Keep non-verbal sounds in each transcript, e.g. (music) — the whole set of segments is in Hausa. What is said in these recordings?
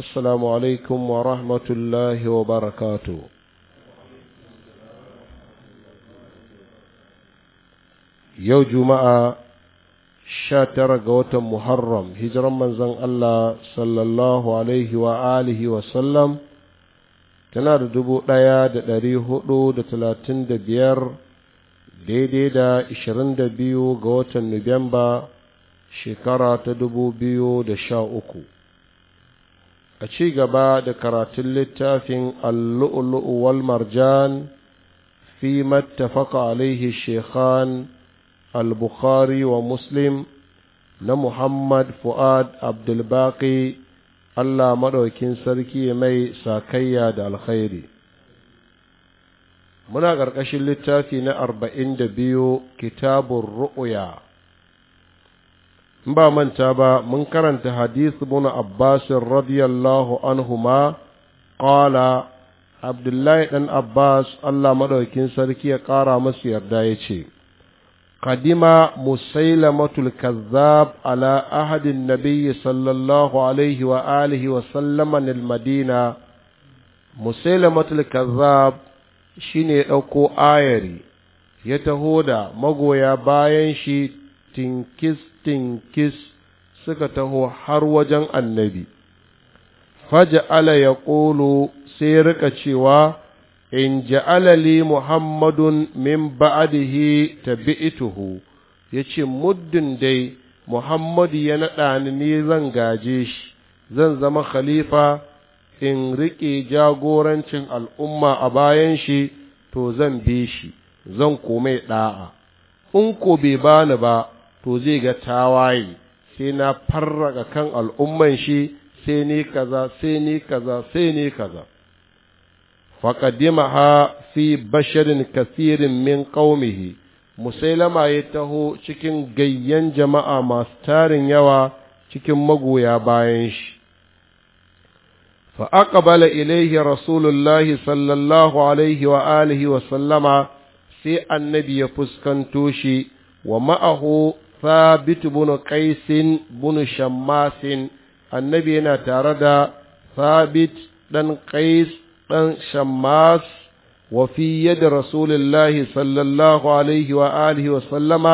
السلام عليكم ورحمة الله وبركاته يوم جمعة شاتر قوت محرم هجر من زن الله صلى الله عليه وآله وسلم tana da dubu ɗaya da ɗari hudu da talatin da biyar daidai da ishirin da biyu ga watan Nuwamba shekara ta dubu biyu da sha uku a ci gaba da karatun littafin allu'ulu'u wal marjan fi mattafaka alaihi shekhan al-bukhari wa muslim na muhammad fu'ad abdulbaki allah maɗaukin sarki mai sakayya da alkhairi muna ƙarƙashin littafi na arba'in da biyu kitabun ru'uya in ba manta ba mun karanta hadisi ibn Abbas radiyallahu ma qala Abdullahi dan Abbas Allah madaukin sarki ya ƙara masa yarda yace قدم مسيلمة الكذاب على أحد النبي صلى الله عليه وآله وسلم المدينة مسيلمة الكذاب shine ɗauko ayari ya taho da magoya bayan shi tinkis tinkis suka taho har wajen annabi faja'ala ya ƙolo sai rika cewa in ji alali muhammadun min ba'adihi tabi'ituhu ya ce muddin dai muhammadu ya naɗa ni ne zan gaje shi zan zama khalifa in riƙe jagorancin al'umma a bayan shi to zan bi shi zan komai ɗa'a in ko bai bani ba to zai ga tawaye sai na farraga kan al'umman shi sai ni kaza sai ni kaza sai ni kaza faqadimaha fi basharin kasirin min qaumihi musailama ya taho cikin gayyan jama'a masu tarin yawa cikin magoya bayan shi فأقبل إليه رسول الله صلى الله عليه وآله وسلم سي النبي يفسكن wa ومعه ثابت بن قيس Annabi yana tare da تاردا ثابت دن قيس دن شماس وفي يد رسول الله صلى الله عليه وآله وسلم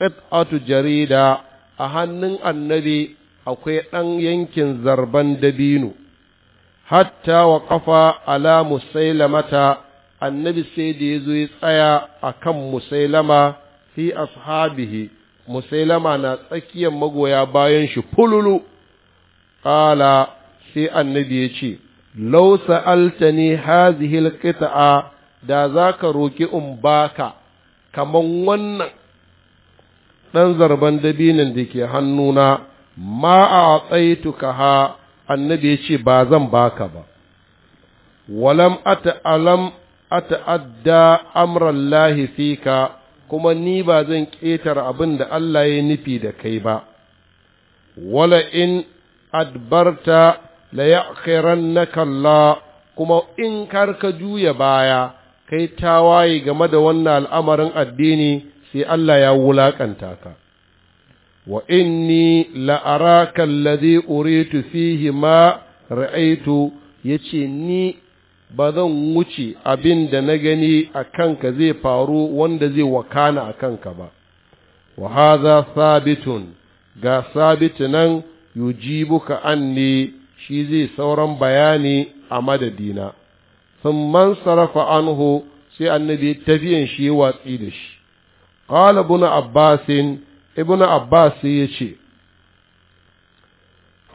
قطعة جريدة أهنن النبي akwai ɗan yankin zarban dabinu. hatta wa ƙafa ala musailamata, annabi sai da ya zo ya tsaya a kan musailama fi ashabihi musailama na tsakiyar magoya bayan shi fululu ƙala sai annabi ya ce lau sa'altani hazihi alqita'a da zaka roki in baka kaman wannan ɗan zarban dabinin da ke hannuna ma a ka ha annabi ya ce ba zan baka ba walam ata'alam ata'adda amrallahi fika kuma ni ba zan ƙetare abin da Allah ya nufi da kai ba, wala in adbarta la na kalla kuma in kar ka juya baya kai tawaye game da wannan al'amarin addini sai Allah ya wulaƙanta ka. Wa inni la'arakan alladhi uritu fihi ma ra'aitu yace ni ba zan wuce abin da na gani a kanka zai faru wanda zai wakana a kanka ba Wahaza sabitun ga sabitu nan yujibuka anni shi zai sauran bayani a madadina sun man sarrafa anhu sai annabi tafiyan shi watsi da shi qala ibn abbasin ibn abbas ya ce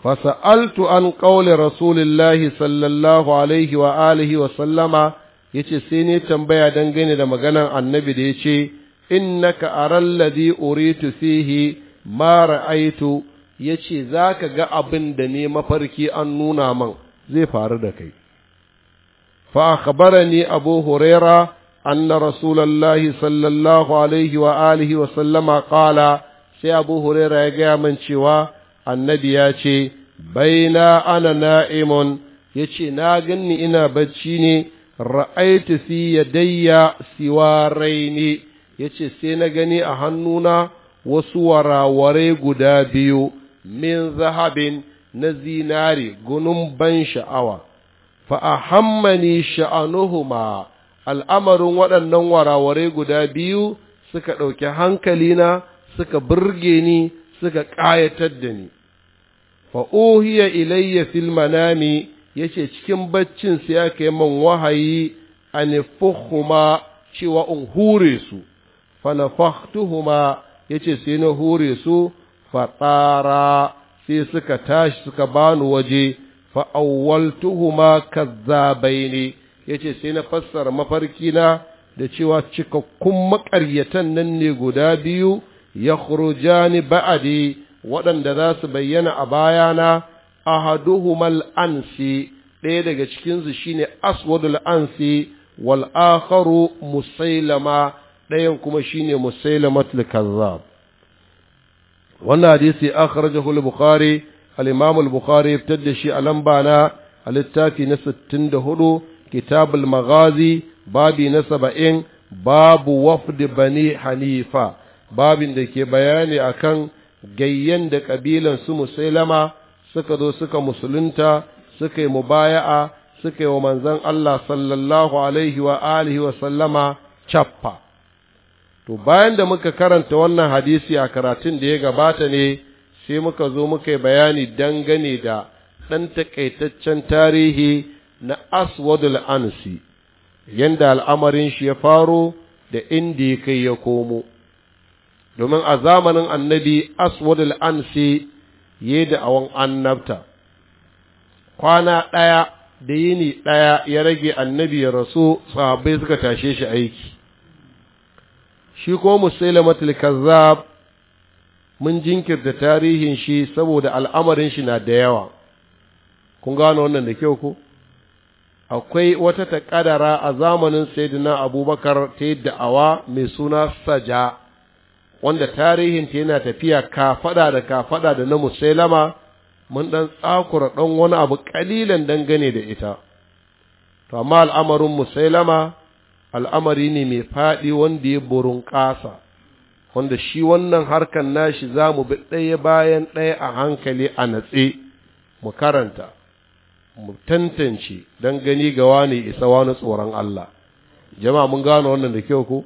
fasa'altu an ƙaunar rasulullahi sallallahu alaihi wa wa sallama ya ce sai ne tambaya dangane da maganan annabi da ya ce innaka aral ladhi uritu fihi ma ra'aitu ya ce za ka ga abin da ne mafarki an nuna min. zai faru da kai fa akhbarani abu huraira anna rasulullahi sallallahu alaihi wa wa sallama qala sai abu huraira ya gaya min cewa annabi ya ce baina ana na'imun ya ce na ganni ina bacci ne ra'aitu fi yadayya siwaraini ya ce sai na gani a hannuna wasu warawarai guda biyu min zahabin na zinari gunun ban sha'awa fa'ahammani sha'anuhuma al'amarin waɗannan warawarai guda biyu suka ɗauki hankalina suka burge ni suka ƙayatar da ni fa uhiya ilayya fil manami yace cikin baccin su ya kai man wahayi an fuhuma cewa in hure su falafahtuhuma yace sai na hure su fatsara sai suka tashi suka bani waje fa'awwaltuhuma kazzabaini yace sai na fassara mafarkina da cewa cikakkun maƙaryatan nan ne guda biyu yakhrujani ba'adi waɗanda za su bayyana a bayana ahaduhumal ansi ɗaya daga cikinsu shine aswadul ansi wal akharu musailama ɗayan kuma shine al kazzab wannan hadisi akhrajahu al-bukhari al-imam al-bukhari ibtada shi a lamba na a littafi na 64 kitab al-maghazi babi na 70 babu wafd bani hanifa babin da ke bayani akan gayyan da kabilan su musulama suka zo suka musulunta suka yi mubaya'a suka yi wa manzan Allah sallallahu alaihi wa alihi wa sallama cappa. to bayan da muka karanta wannan hadisi a karatun da ya gabata ne sai muka zo muka yi bayani dangane da ɗan takaitaccen tarihi na aswadul ansi yanda al'amarin shi ya faro da inda ya kai ya komo domin a zamanin annabi aswadul ansi ya da awon annabta kwana ɗaya da yini ɗaya ya rage annabi ya rasu sahabbai suka tashe shi aiki shi ko musailamatul kazzab mun jinkirta tarihin shi saboda al'amarin shi na da yawa kun gano wannan da kyau ko akwai wata taƙadara a zamanin sayyidina abubakar ta yi da'awa mai suna saja wanda tarihinta yana tafiya kafaɗa da kafaɗa da na musailama mun ɗan tsakura ɗan wani abu kalilan dangane da ita to amma al'amarin musailama al'amari ne mai faɗi wanda ya burin ƙasa wanda shi wannan harkan nashi za mu bi ɗaya bayan ɗaya a hankali a natse mu karanta mu tantance don gani ga wani isa wani tsoron Allah Jama mun gano wannan da kyau ko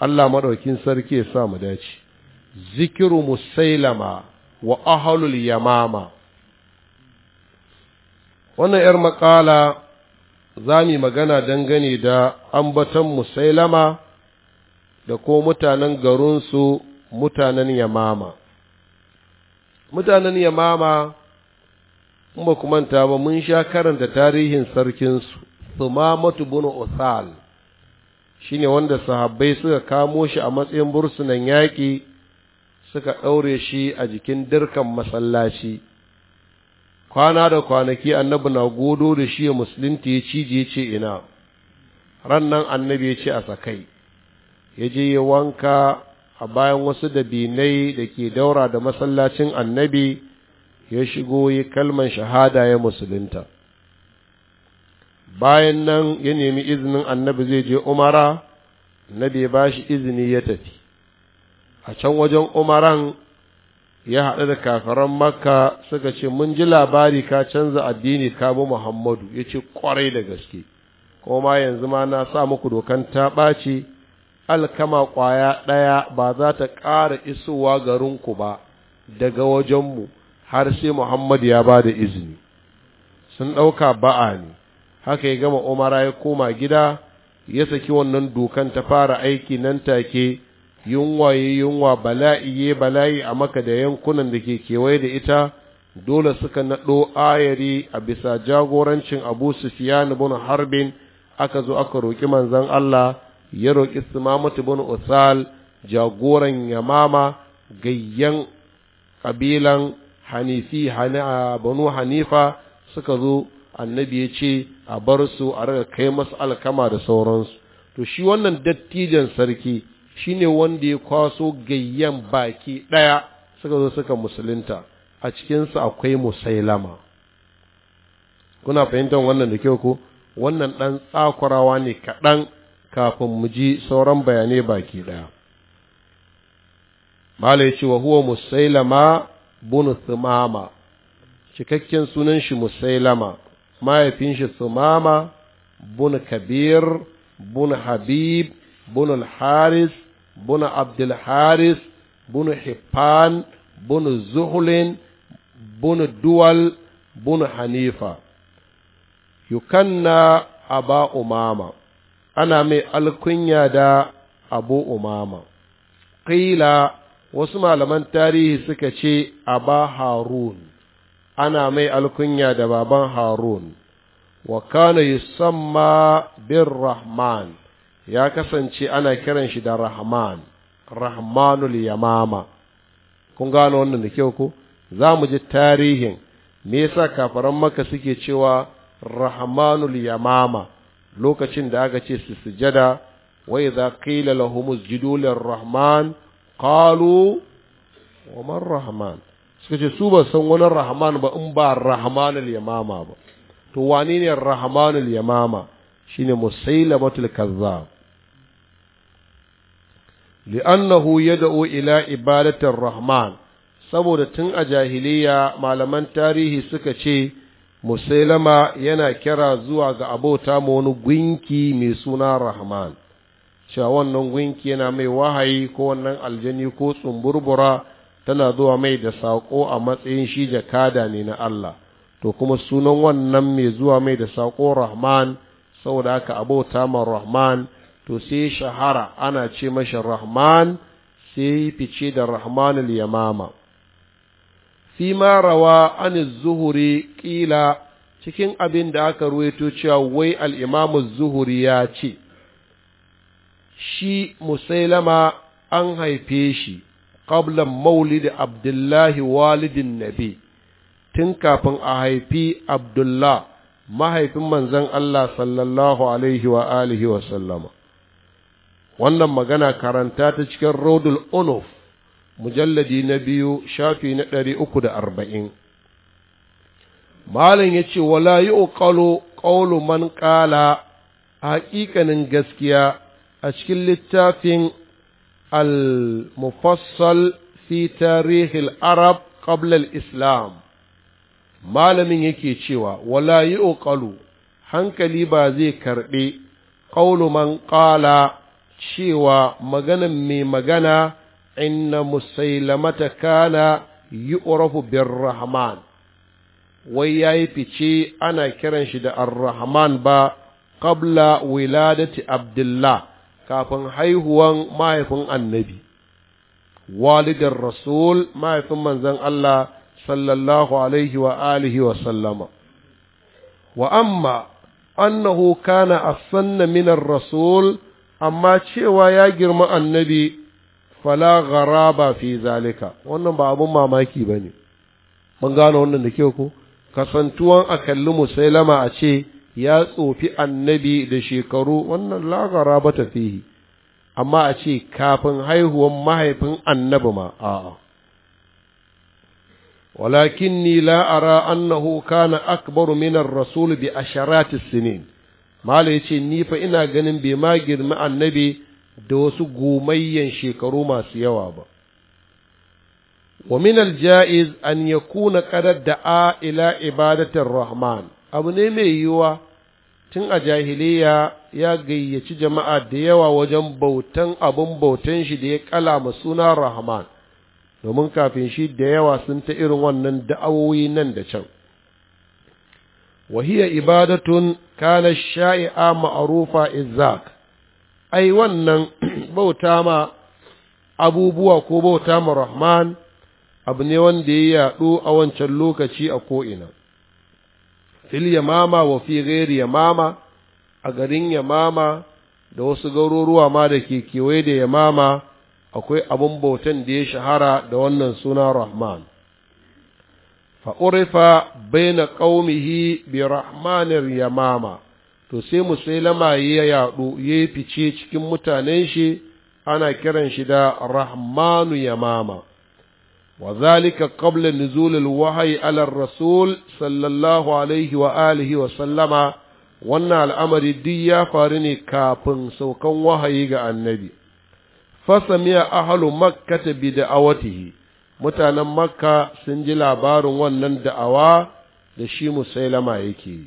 Allah maɗaukin sarki ya sa mu dace zikiru musailama wa ahlul yamama wannan yar makala za mu magana dangane da ambatan musailama da ko mutanen garinsu mutanen yamama mutanen yamama kuma ba kuma manta ba mun sha karanta tarihin sarkinsu sumamatu bunu usal Shi ne wanda sahabbai suka kamo shi a matsayin bursunan yaƙi suka ɗaure shi a jikin dirkan masallaci kwana da kwanaki annabi na godo da shi ya musulunta ya cije ce ina ran nan annabi ya ce a sakai ya je ya wanka a bayan wasu dabinai da ke daura da masallacin annabi ya shigo ya kalman shahada ya musulunta bayan nan ya nemi izinin annabi zai je umara na ba shi izini ya tafi a can wajen umaran ya haɗu da kafaran makka suka ce mun ji labari ka canza addini ka muhammadu ya ce kwarai da gaske kuma yanzu ma na sa muku dokan ta ɓaci alkama ƙwaya ɗaya ba za ta ƙara isowa garinku ba daga wajenmu har sai muhammadu ya ba da izini sun ɗauka ba'a ne haka ya gama umara ya koma gida ya saki wannan dokan ta fara aiki nan take yunwa ya yunwa bala'i ya bala'i a maka da yankunan da ke kewaye da ita dole suka naɗo ayari a bisa jagorancin abu sufiyan bin harbin aka zo aka roƙi manzon Allah ya roƙi sumamatu bin usal jagoran yamama gayyan ƙabilan hanifi banu hanifa suka zo annabi ya ce a bar su a raga kai masu alkama da sauransu to shi wannan dattijan sarki shine wanda ya kwaso gayyan baki ɗaya suka zo suka musulunta a cikinsu akwai musailama kuna fahimtar wannan da kyau ko wannan ɗan tsakurawa ne kaɗan kafin mu ji sauran bayanai baki ɗaya mala ya ce wa huwa musailama bunu thumama cikakken sunan shi musailama mahaifin shi sumama bun kabir bun habib bun haris bun abdul haris bun hifan bun zuhlin bun duwal bun hanifa yukanna aba umama ana mai alkunya da abu umama ƙila wasu malaman tarihi suka ce aba harun ana mai alkunya da baban harun wa kana yusamma bin rahman ya kasance ana kiran shi da rahman rahmanul yamama kun gano wannan da kyau ko za mu ji tarihin me yasa kafaran maka suke cewa rahmanul yamama lokacin da aka ce su sujada wa idza qila lahum usjudu lirrahman qalu wa man rahman suka ce su ba san wani rahman ba in ba rahmanul yamama ba to wani ne rahmanul yamama shine musailamatul kazzab li'annahu yad'u ila ibadatir rahman saboda tun a jahiliya malaman tarihi suka ce musailama yana kira zuwa ga abota ma wani gunki mai suna rahman cewa wannan gunki yana mai wahayi ko wannan aljani ko tsumburbura tana zuwa mai da saƙo a matsayin shi jakada ne na Allah to kuma sunan wannan mai zuwa mai da saƙo Rahman saboda haka abota ma Rahman to sai shahara ana ce masa Rahman sai fice da Rahman al-Yamama ma rawa an zuhuri ƙila cikin abin da aka ruwaito cewa wai al'imamu zuhuri ya ce, Shi musailama an haife shi qabla Maulidi abdullahi walidin nabi tun kafin a haifi abdullah mahaifin manzon Allah sallallahu alaihi wa alihi wa sallama wannan magana karanta ta cikin rodul unuf mujalladi na biyu shafi na ɗari uku da arba'in malam ya ce wala yi uƙalo man ƙala haƙiƙanin gaskiya a cikin littafin al-mufassal fi tarihil arab qabla al-islam malamin yake cewa wala hankali ba zai karɓi qawlu man cewa maganan mai magana inna musailamata kana yu'rafu Rahman. wai yayi fice ana kiran shi da arrahman rahman ba ƙabla wiladati abdullah kafin haihuwan mahaifin annabi walidar rasul mahaifin manzon Allah sallallahu alaihi wa alihi wa sallama wa amma annahu kana asanna min rasul amma cewa ya girma annabi fala gharaba fi zalika wannan ba abun mamaki bane mun gano wannan da ke ko kasantuwan akalli musailama a ce ya tsofi annabi da shekaru wannan lagara ba ta fihi amma a ce kafin haihuwan mahaifin annabi ma a'a Walakin ni la’ara annahu kana akbaru minar rasul bi asharati sinin mala yace ni fa ina ganin bai ma girma annabi da wasu gomayyan shekaru masu yawa ba ومن الجائز أن يكون da دعا إلى عبادة الرحمن abu ne mai yiwuwa tun a jahiliya ya gayyaci jama'a da yawa wajen bautan abin bautan shi da ya kala ma suna rahman domin kafin shi da yawa sun ta irin wannan da'awoyi nan da can wahiya ibadatun kana shaia ma'rufa izzak ai wannan (clears throat) bauta ma abubuwa ko bauta ma rahman abu ne wanda ya yaɗu a wancan lokaci a ko'ina fil yamama wa fi ghairi yamama a garin yamama da wasu garuruwa ma da ke kewaye da yamama akwai abun bautan da ya shahara da wannan suna rahman fa'urifa bai na ƙaumihi bi rahmanir yamama to sai musulama ya yaɗu ya fice cikin mutanen shi ana kiran shi da rahmanu yamama Wazalika قبل نزول الوحي على الرسول صلى الله عليه وآله wannan al'amari duk ya faru ne kafin saukan wahayi ga annabi, fasamiya ahalu makka ta bi da'awatihi, mutanen makka sun ji labarin wannan da'awa da shi musailama yake yi.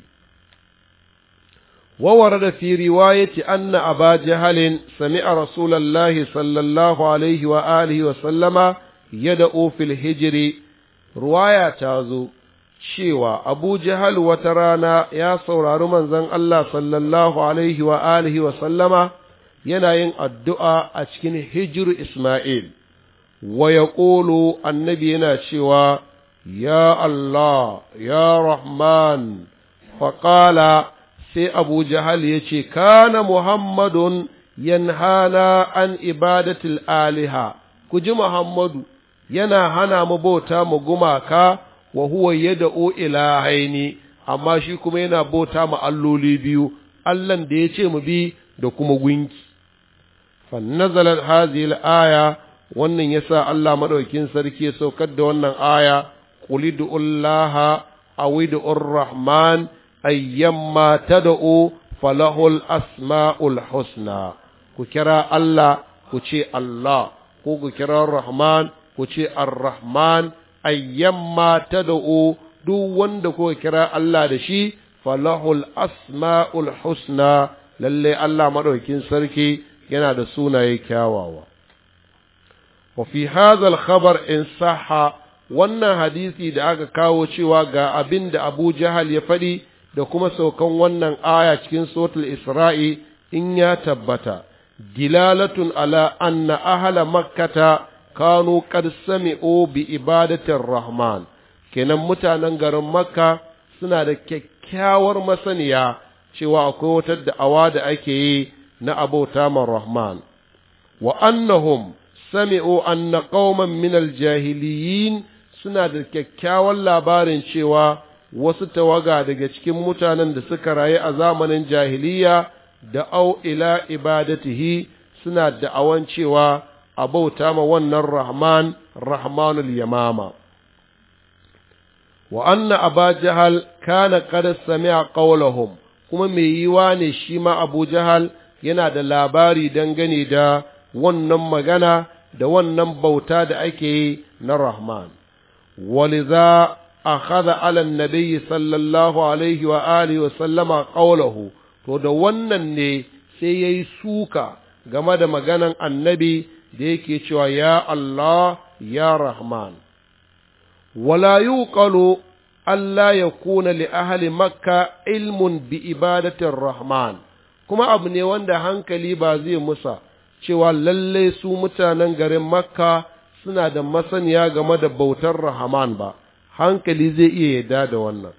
wawar da fi riwayati anna aba jahalin sami'a rasulallahi sallallahu alaihi wa wa sallama yada'u fil hijiri ruwaya ta zo cewa Abu Jahal wata rana ya saurari manzon Allah sallallahu alaihi wa alihi wa sallama yana yin addu'a a cikin hijiru Ismail wa ya annabi yana cewa ya Allah ya Rahman faƙala sai Abu Jahal ya ce kana Muhammadun yanhana an ibadatul aliha ku ji Muhammadu yana hana mu bauta mu gumaka wa huwa yad'u ila amma shi kuma yana bauta mu alloli biyu allan da ya ce mu bi da kuma gunki fannazalat hazil aya wannan yasa Allah madaukin sarki ya saukar da wannan aya qulidullaha awidur rahman ayyamma tad'u falahul asma'ul husna ku kira Allah ku ce Allah ko ku kira Rahman ku ce ar-rahman ayyamma tad'u duk wanda kuka kira Allah da shi falahul asma'ul husna lalle Allah madaukin sarki yana da sunaye kyawawa wa fi hadha khabar in sahha wannan hadisi da aka kawo cewa ga abinda da Abu Jahal ya faɗi da kuma saukan wannan aya cikin suratul Isra'i in ya tabbata dilalatun ala anna ahla makkata kanu qad sami'u bi ibadatir rahman kenan mutanen garin makka suna da kyakkyawar masaniya cewa akwai wata da'awa da ake yi na abota man rahman wa annahum sami'u anna qauman min al-jahiliyin suna da kyakkyawar labarin cewa wasu tawaga daga cikin mutanen da suka rayu a zamanin jahiliya da au ila ibadatihi suna da'awan cewa a bauta ma wannan rahman rahmanul yamama wa anna aba jahal kana qad sami'a qawlahum kuma mai yiwa ne shi ma abu jahal yana da labari dangane da wannan magana da wannan bauta da ake yi na rahman waliza akhadha ala an-nabi sallallahu alaihi wa alihi wa sallama to da wannan ne sai yayi suka game da maganan annabi da yake cewa ya Allah ya Rahman wala yuqalu Allah ya kuna li ahli makka ilmun bi ibadatin Rahman kuma abu ne wanda hankali ba zai musa cewa lallai su mutanen garin makka suna da masaniya game da bautar Rahman ba hankali zai iya yarda da wannan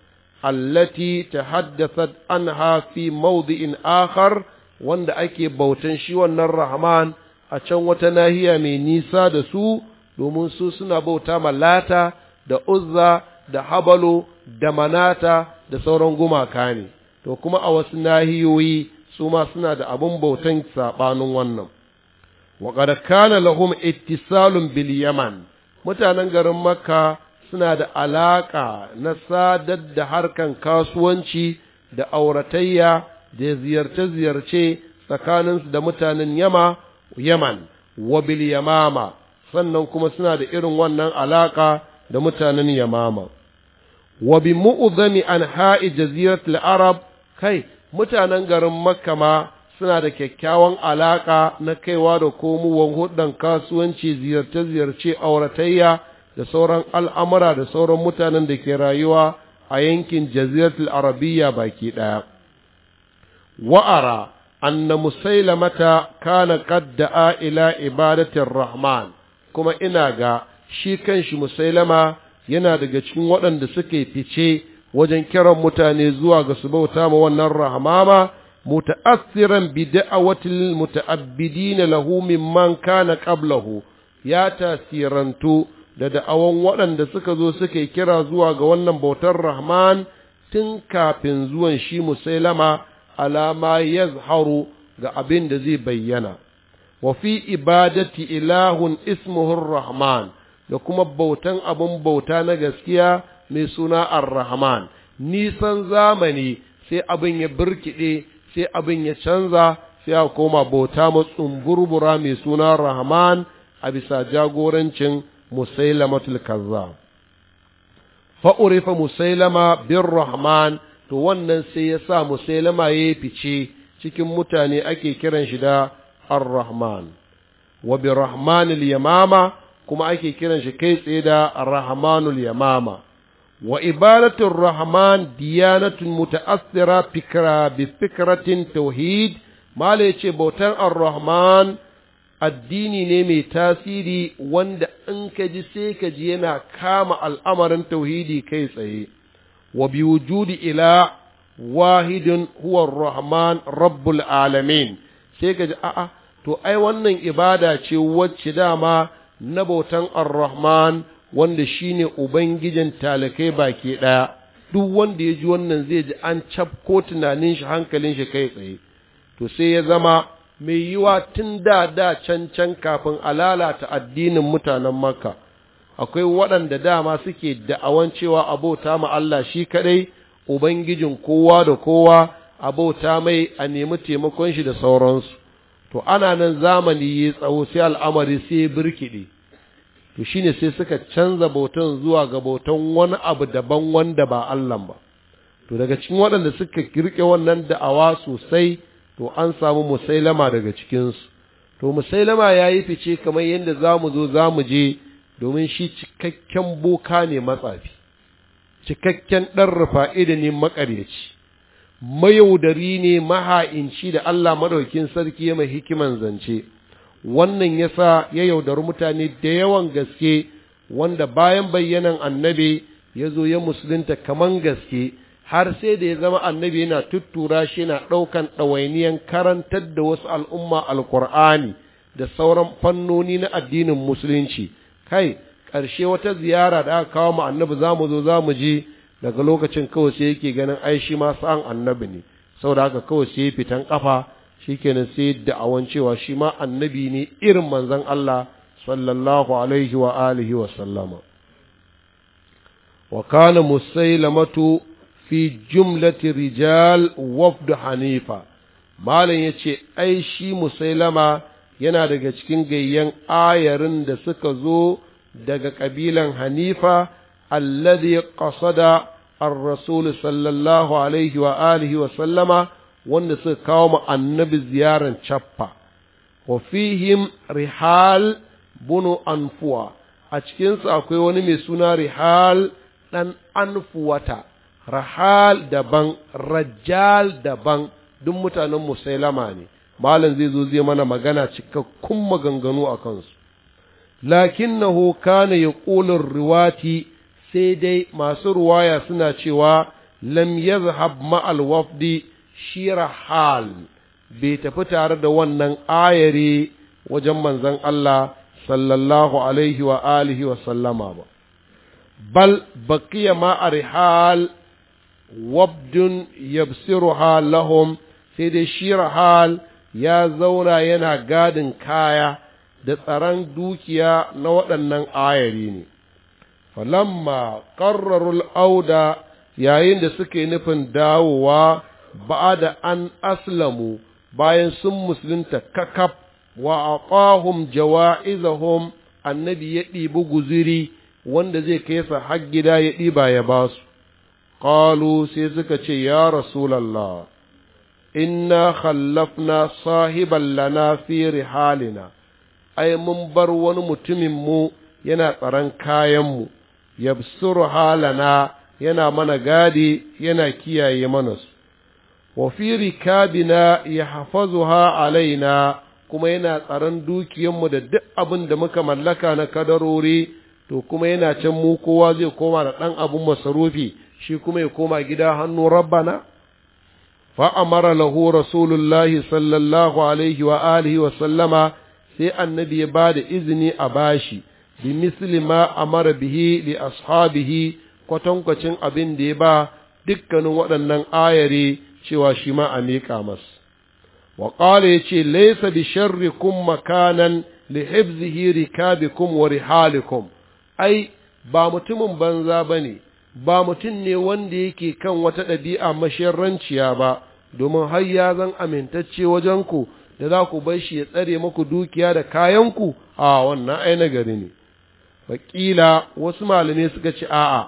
allati ta haddasa fi mawdi'in akhar wanda ake bautan shi wannan Rahman a can wata nahiya mai nisa da su domin su suna bauta malata da uzza da habalo da manata da sauran gumaka ne to kuma a wasu nahiyoyi su ma suna da abin bautan saɓanin wannan wa qad kana lahum ittisalun bil yaman mutanen garin makka suna da alaƙa na sadar da harkan kasuwanci da auratayya da ziyarce-ziyarce tsakaninsu da mutanen yama yaman wa bil yamama sannan kuma suna da irin wannan alaka da mutanen yamama wa bi mu'zami anha'i jaziratul arab kai mutanen garin makka ma suna da kyakkyawan alaka na kaiwa da komowan hudan kasuwanci ziyarce-ziyarce auratayya da sauran al'amura da sauran mutanen da ke rayuwa a yankin jaziratul arabiyya baki ɗaya. Wa'ara anna musailamata kana qadda'a ila ibadatir rahman kuma ina ga shi kanshi musailama yana daga cikin waɗanda suke fice wajen kiran mutane zuwa ga su bauta ma wannan rahmama muta'assiran bi da'awatil muta'abbidin lahu mimman kana qablahu ya tasirantu da da'awan waɗanda suka zo suke kira zuwa ga wannan bautar rahman tun kafin zuwan shi musailama alama yazharu ga abin da zai bayyana wa fi ibadati ilahun ismuhur rahman da kuma bautan abin bauta na gaskiya mai suna ar-rahman nisan zamani sai abin ya birkiɗe sai abin ya canza sai a koma bauta matsumburbura mai suna rahman a bisa jagorancin musailamatul kazzab fa urifa musailama bin rahman to wannan sai ya sa musailama ya fice cikin mutane ake kiran shi da ar-rahman wa bi yamama kuma ake kiran shi kai tsaye da rahmanul yamama wa ibadatul rahman diyanatun muta'assira fikra bi fikratin tauhid mala yace bautar ar-rahman addini ne mai tasiri wanda in ka ji sai ka ji yana kama al'amarin tauhidi kai tsaye wa bi wujudi ila wahidin huwa rahman rabbul alamin sai ka a'a to ai wannan ibada ce wacce dama na bautan ar-rahman wanda shine ubangijin talakai baki daya duk wanda ya ji wannan zai ji an ko tunanin shi hankalin shi kai tsaye to sai ya zama mai yiwa tun da da can can kafin a lalata addinin mutanen makka akwai waɗanda dama suke da'awan cewa abota ma Allah shi kaɗai ubangijin kowa da kowa abota mai a nemi taimakon shi da sauransu to ana nan zamani ya tsawo sai al'amari sai birkiɗe to shine sai suka canza bautan zuwa ga bautan wani abu daban wanda ba Allah ba to daga cikin waɗanda suka kirke wannan da'awa sosai to an samu musailama daga cikinsu to musailama ya yi fice kamar yadda za mu zo za mu je domin shi cikakken boka ne matsafi cikakken ɗan rufa ne makaryaci mayaudari ne maha'inci da Allah maɗaukin sarki ya mai hikiman zance wannan ya sa ya yaudari mutane da yawan gaske wanda bayan bayyanan annabi ya zo ya musulunta kaman gaske har sai da ya zama annabi yana tuttura shi yana ɗaukan ɗawainiyan karantar da wasu al'umma alƙur'ani da sauran fannoni na addinin musulunci kai ƙarshe wata ziyara da aka kawo mu annabi za mu zo za mu je daga lokacin kawai sai yake ganin ai shi ma sa'an annabi ne saboda haka kawai sai fitan kafa shikenan sai da'awan cewa shi ma annabi ne irin manzon Allah sallallahu alaihi wa alihi wa sallama wa kana musailamatu fi jumlati rijal wafd hanifa malam yace ai shi musailama yana daga cikin gayyan ayarin da suka zo daga ƙabilan hanifa alladhi qasada ar-rasul sallallahu alaihi wa alihi wa sallama wanda suka kawo mu annabi ziyaran cappa wa fihim rihal bunu anfuwa a cikinsu akwai wani mai suna rihal ɗan anfuwata rahal daban rajal daban duk mutanen musailama ne malam zai zo zai mana magana cikakkun maganganu a kansu lakinnahu kana yaqulu riwati sai dai masu ruwaya suna cewa lam yazhab ma'al wafdi shirahal bai tafi tare da wannan ayare wajen manzon Allah sallallahu alaihi wa alihi wa sallama ba bal baqiya ma arhal wabdun yabsiruha lahum sai dai hal ya zauna yana gadin kaya da tsaron dukiya na waɗannan ayari ne falamma ƙarrarul auda yayin da suke nufin dawowa ba da an aslamu bayan sun musulunta kakaf wa aqahum jawa'izahum annabi ya ɗibi guziri wanda zai kai sa har gida ya ɗiba ya ba su. ƙalu sai suka ce ya rasulallah In na inna khallafna sahiban lana fi rihalina ai mun bar wani mutumin mu yana tsaron kayan mu yabsuru halana yana mana gadi yana kiyaye mana su wa fi rikabina yahfazuha alaina kuma yana tsaron dukiyarmu da duk abin da muka mallaka na kadarori to kuma yana can mu kowa zai koma da ɗan abin masarufi shi kuma ya koma gida hannu rabbana fa'amara lahu rasulullahi sallallahu alaihi wa sai annabi ya bada izini a bashi bi misli ma amara bihi li ashabihi kwatankwacin abin da ya ba dukkanin waɗannan ayari cewa shi ma a miƙa masu. wa ƙala ya ce laisa bi sharrikum makanan li hibzihi rikabikum wa rihalikum ai ba mutumin banza bane ba mutum ne wanda yake kan wata ɗabi'a mashirranciya ba domin har ya zan amintacce wajen ku da za ku bar shi ya tsare maku dukiya da kayanku a wannan ai gari ne wakila wasu malamai suka ci a'a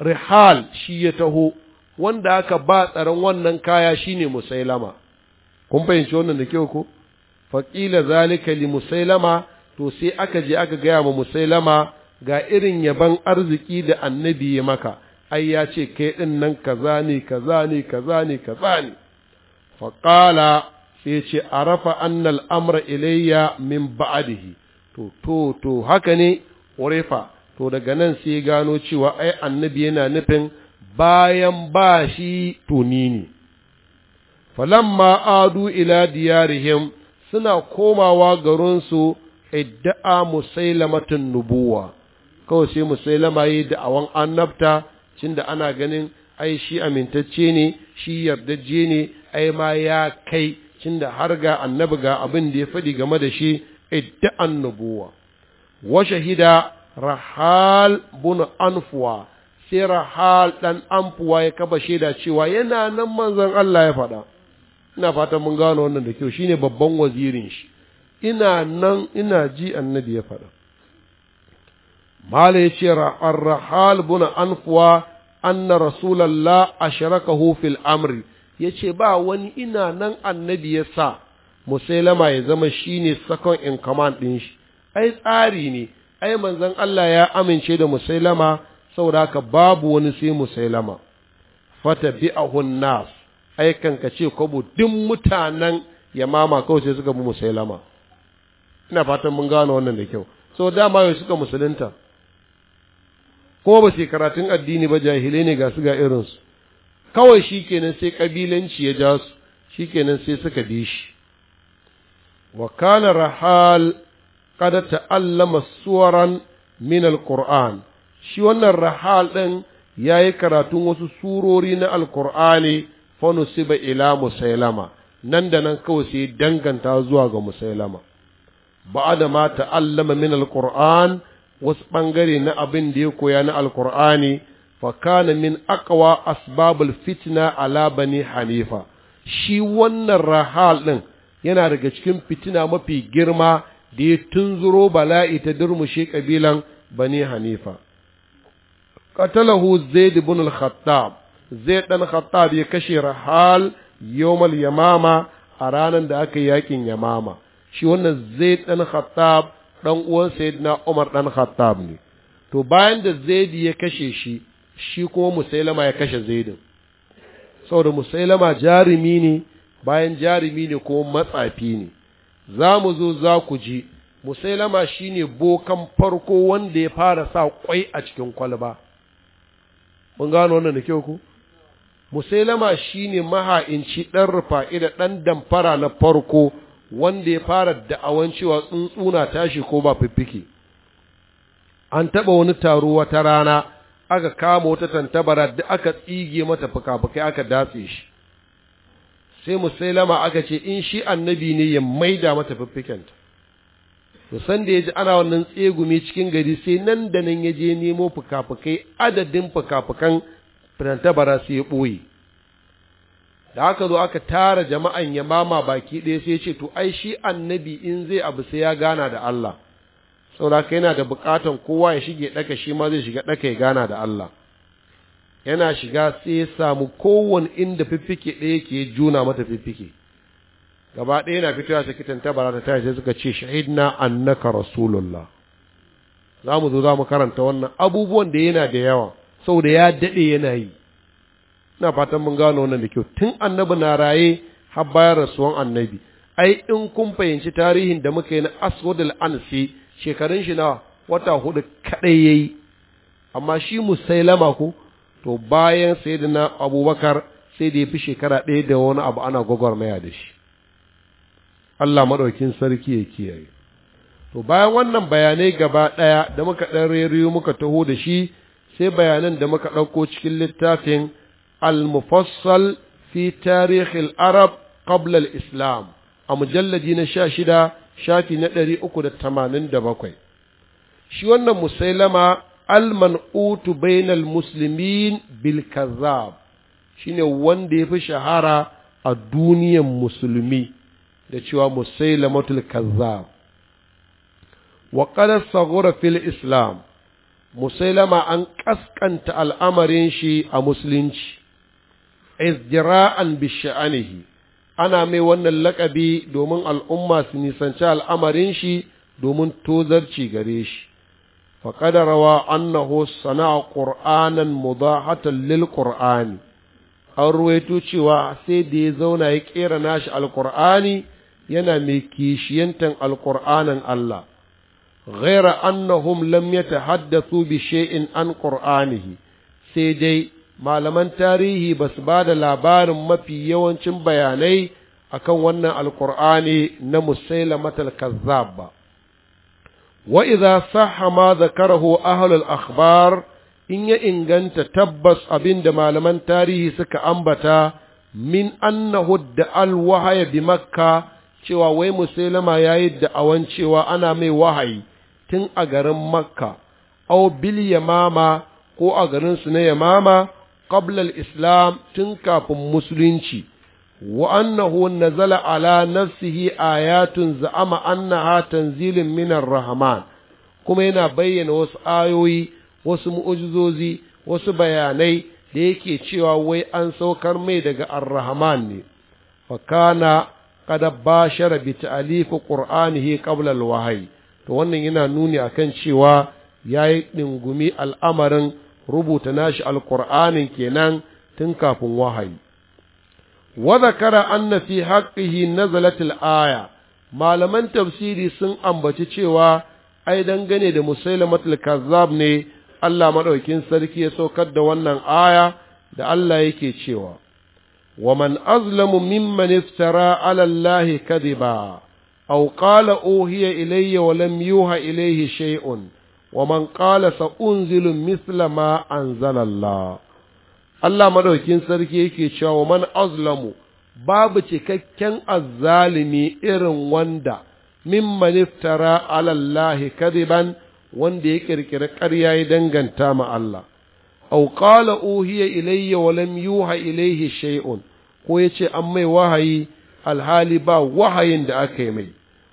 rihal shi ya taho wanda aka ba tsaron wannan kaya shine musailama kun fahimci wannan da kyau ko faƙila zalika li musailama to sai aka je aka gaya ma musailama ga irin yaban arziki da annabi ya maka ai ya ce kai ɗin nan kaza ne kaza ne kaza ne kaza ne faƙala sai ce arafa annal amra ilayya min ba'adihi to to to haka ne urefa to daga nan sai gano cewa ai annabi yana nufin bayan ba shi tuni ne falamma adu ila diyarihim suna komawa garinsu idda'a musailamatin nubuwa kawai sai mu sai lamayi da awan annabta cinda ana ganin ai shi amintacce ne shi yardajje ne ai ma ya kai cinda har ga annabi ga abin da ya faɗi game da shi idda annubuwa wa shahida rahal bin anfuwa sai rahal dan anfuwa ya kaba shaida cewa yana nan manzon Allah ya faɗa ina fatan mun gano wannan da kyau shine babban wazirin shi ina nan ina ji annabi ya faɗa mala ya ce arrahal buna anfuwa anna rasulallah asharakahu fil amri ya ce ba wani ina nan annabi ya sa musailama ya zama shine second in command ɗin shi ai tsari ne ai manzon Allah ya amince da musailama saboda haka babu wani sai musailama fata bi nas ai kanka ce kwabo duk mutanen yamama kawai sai suka bi musailama ina fatan mun gano wannan da kyau so dama yau suka musulunta ko ba su karatun addini ba jahilai ne ga su ga irinsu kawai shi kenan sai kabilanci ya ja su Shi kenan sai suka bi shi wa kana rahal qad ta'allama suwaran min alquran shi wannan rahal din yayi karatun wasu surori na alqur'ani fa nusiba ila musailama nan da nan kawai sai danganta zuwa ga musailama ba'ada ma ta'allama min alquran wasu ɓangare na abin da ya koya na alkur'ani fa kana min aqwa asbabul fitna ala bani hanifa shi wannan rahal din yana daga cikin fitina mafi girma da ya tunzuro bala'i ta durmushe kabilan bani hanifa qatalahu zaid ibn al-khattab zaid dan khattab ya kashe rahal al yamama a ranar da aka yakin yamama shi wannan zaid dan khattab dan uwan sayyidina Umar ɗan Khattab ne to bayan da Zaidi ya kashe shi shi kuma Musailama ya kashe Zaidin saboda Musailama jarumi ne bayan jarumi ne kuma matsafi ne za mu zo za ku ji Musailama shine bokan farko wanda ya fara sa kwai a cikin kwalba mun gano wannan da kyau ku Musailama shine maha'inci ɗan rufa'i da ɗan damfara na farko wanda ya fara da'awan cewa tsuntsuna tashi ko ba fiffike an taba wani taro wata rana aka kama wata tantabara da aka tsige mata fuka-fukai aka datse shi sai musailama aka ce in shi annabi ne ya maida mata fiffikenta to san da ya ji ana wannan tsegumi cikin gari sai nan da nan ya je nemo fuka-fukai adadin fuka-fukan tantabara sai ya ɓoye da aka zo aka tara jama'an ya mama baki ɗaya sai ce to ai shi annabi in zai abu sai ya gana da Allah saboda haka yana da buƙatan kowa ya shige ɗaka shi ma zai shiga ɗaka ya gana da Allah yana shiga sai ya samu kowane inda fiffike ɗaya ke juna mata fiffike gaba ɗaya na fitowa sai kitan tabara ta tashi suka ce shahidna annaka rasulullah za mu zo za mu karanta wannan abubuwan da yana da yawa saboda ya daɗe yana yi ina fatan mun gano wannan da kyau tun annabi na raye har bayan rasuwan annabi ai in kun fahimci tarihin da muka yi na aswadul ansi shekarun shi na wata hudu kadai yayi amma shi musailama ko to bayan sayyidina abubakar sai da ya fi shekara ɗaya da wani abu ana gwagwarmaya da shi Allah maɗaukin sarki ya kiyaye to bayan wannan bayanai gaba ɗaya da muka ɗan reriyo muka taho da shi sai bayanan da muka ɗauko cikin littafin al-mufassal fi tarihil arab qabla islam a mujalladi na sha shida shafi na ɗari uku da tamanin da bakwai shi wannan musailama al-man'utu bainal muslimin bil kazzab shine wanda ya fi shahara a duniyan musulmi da cewa musailamatul kazzab wa qad saghura islam musailama an kaskanta al'amarin shi a musulunci izdira'an bisha'anihi ana mai wannan lakabi domin al'umma su nisanci al'amarin shi domin tozarci gare shi faƙada rawa annahu sana'a qur'anan mudahatan lil ƙur'ani. an ruwaito cewa sai da ya zauna ya kera nashi alqur'ani yana mai kishiyantan alqur'anin Allah ghaira annahum lam yatahaddathu bi shay'in an qur'anihi sai dai malaman tarihi ba su ba da labarin mafi yawancin bayanai akan wannan alkur'ani na musailamatul kazzab ba wa idza saha ma zakarahu ahlul akhbar in ya inganta tabbas abinda malaman tarihi suka ambata min annahu da alwahaya bi makka cewa wai musailama yayi da'awan cewa ana mai wahayi tun a garin makka au bil yamama ko a garin su na yamama qabla islam tun kafin musulunci wa annahu nazala ala nafsihi ayatun za'ama annaha tanzilin minan rahman kuma yana bayyana wasu ayoyi wasu mu'ujizozi wasu bayanai da yake cewa wai an saukar mai daga ar-rahman ne fa kana qad bashara bi ta'lif qur'anihi qabla al-wahyi to wannan yana nuni akan cewa yayi dingumi al'amarin rubuta nashi alqur'anin kenan tun kafin wahayi wa an na fi haqqihi na aya malaman tafsiri sun ambaci cewa ai dangane da musailamatul kazzab ne Allah maɗaukin sarki ya saukar da wannan aya da Allah yake cewa ومن azlamu ممن افترى على الله كذبا أو قال أوهي إلي ولم يوحى إليه شيء wa man qala sa unzilu misla ma anzalallah Allah madaukin sarki yake cewa wa man azlamu babu cikakken azzalimi irin wanda mimman iftara ala Allah wanda ya kirkira ƙarya ya danganta ma Allah Auƙala qala uhiya ilayya wa lam yuha ilayhi shay'un ko yace an mai wahayi alhali ba wahayin da aka yi mai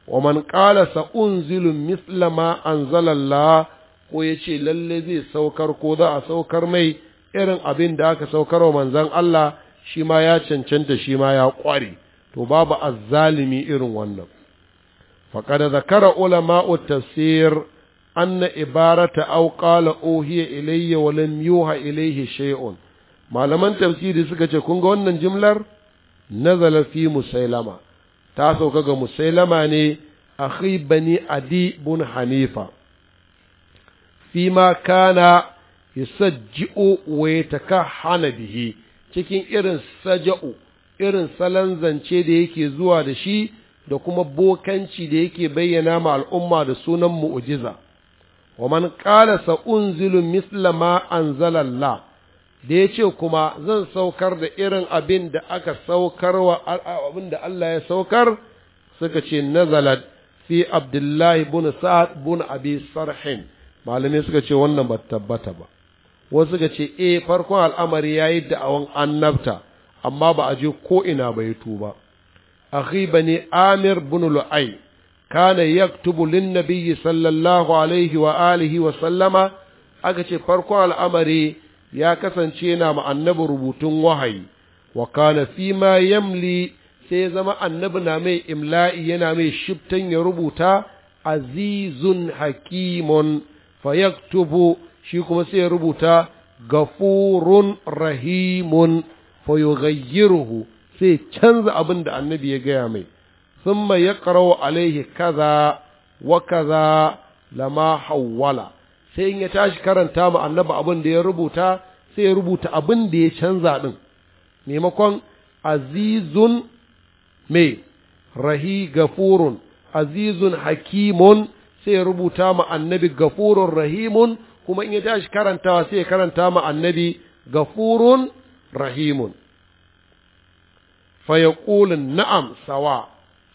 wa man سأنزل sa ما أنزل الله anzalallah ko yace lalle zai saukar ko za a saukar mai irin abin da aka saukar wa manzon Allah shi ma ya cancanta shi ma ya ƙware, to babu azzalimi irin wannan faqad zakara ulama'u tafsir anna ibarata aw qala uhiya ilayya wa lam yuha ilayhi shay'un malaman tafsiri suka ce kun ga wannan jimlar nazala fi musailama ta sauka ga musailama ne akhi bani adi bun hanifa fima kana yusajji'u wa hana bihi cikin irin saja'u irin salon zance da yake zuwa da shi da kuma bokanci da yake bayyana ma al'umma da sunan mu'ujiza wa man qala sa unzilu mislama da ya ce kuma zan saukar da irin abin da aka saukar wa abin da Allah ya saukar suka ce nazalat fi abdullahi bin sa'ad bin abi sarhin malamai suka ce wannan ba tabbata ba wasu suka ce eh farkon al'amari yayi awan annabta amma ba a je ko ina bai tuba akhi bani amir bin lu'ay kana yaktubu lin nabiyyi sallallahu alaihi wa alihi wa sallama aka ce farkon al'amari ya kasance yana ma annabi rubutun wahayi wa kana fi ma yamli sai zama annabi na mai imla'i yana mai shiftan ya rubuta azizun hakimun fayaktubu shi kuma sai ya rubuta gafurun rahimun fayughayyiruhu sai canza abin da annabi ya gaya mai ثم يقرأ kaza wa kaza lama حوله sai in ya tashi karanta ma annabi abin da ya rubuta sai ya rubuta abin da ya canza din maimakon azizun me rahi gafurun azizun hakimun sai ya rubuta ma annabi gafurun rahimun kuma in ya tashi karantawa sai ya karanta ma annabi gafurun rahimun fa na'am sawa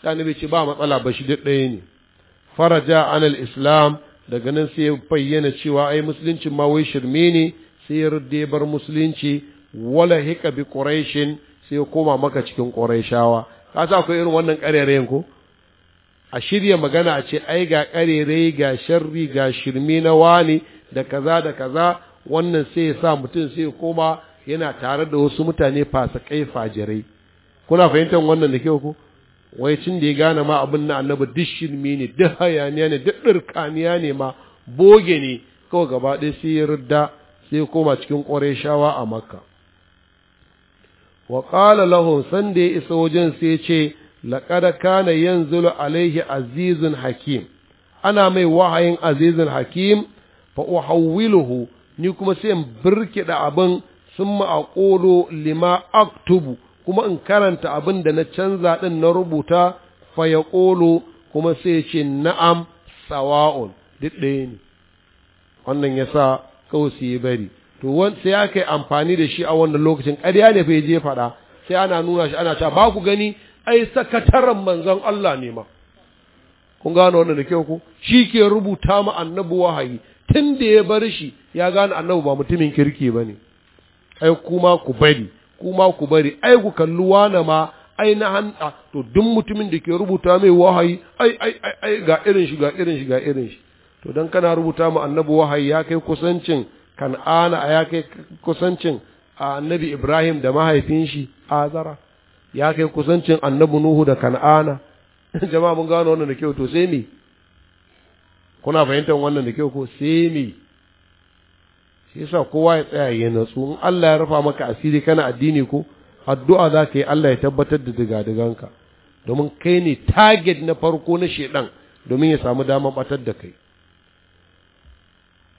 sai annabi ce ba matsala ba shi ɗaya ne faraja anal islam daga nan sai ya bayyana cewa ai musuluncin ma wai shirme ne sai ya rudde bar musulunci wala hika bi quraishin sai ya koma maka cikin quraishawa ka sa akwai irin wannan ƙarerayen ko a shirya magana a ce ai ga ƙarerai ga sharri ga shirme na wani da kaza da kaza wannan sai ya sa mutum sai ya koma yana tare da wasu mutane fasakai fajirai kuna fahimtar wannan da kyau ko wai tun da ya gane ma abin na annabi duk shirmi ne duk hayaniya ne duk ɗirkaniya ne ma boge ne kawai gaba ɗaya sai ya rudda sai koma cikin ƙwarai shawa a makka wa qala lahum san da ya isa wajen sai ce laƙada kana zulu alaihi azizun hakim ana mai wahayin azizun hakim fa uhawwiluhu ni kuma sai in birkida abin summa aqulu lima aktubu kuma in karanta abin da na canza ɗin na rubuta fa ƙolo kuma sai ce na'am sawa'un duk ɗaya ne wannan ya sa kawai su yi bari to sai aka yi amfani da shi a wannan lokacin ƙarya ne fa ya je faɗa sai ana nuna shi ana cewa ba ku gani ai sakataren manzon Allah ne ma kun gano wannan da kyau ko shi ke rubuta ma annabi wahayi tun da ya bar shi ya gane annabi ba mutumin kirki ba ne ai kuma ku bari kuma ku bari ai ku kallu wane ma ai na hanta ah, to duk mutumin da ke rubuta mai wahayi ai ai ai ai ga irin shi ga irin shi ga irin shi to dan kana rubuta mu annabi wahayi ya kai kusancin kan'ana ya kai kusancin annabi Ibrahim da mahaifin shi Azara ya kai kusancin annabi Nuhu da kan'ana (laughs) jama'a mun gano wannan da kyau to sai me kuna fahimtar wannan da kyau ko sai me shi yasa kowa ya tsaya ya natsu in Allah ya rufa maka asiri kana addini ko addu'a za ka yi Allah ya tabbatar da digadiganka domin kai ne target na farko na shedan domin ya samu damar batar da kai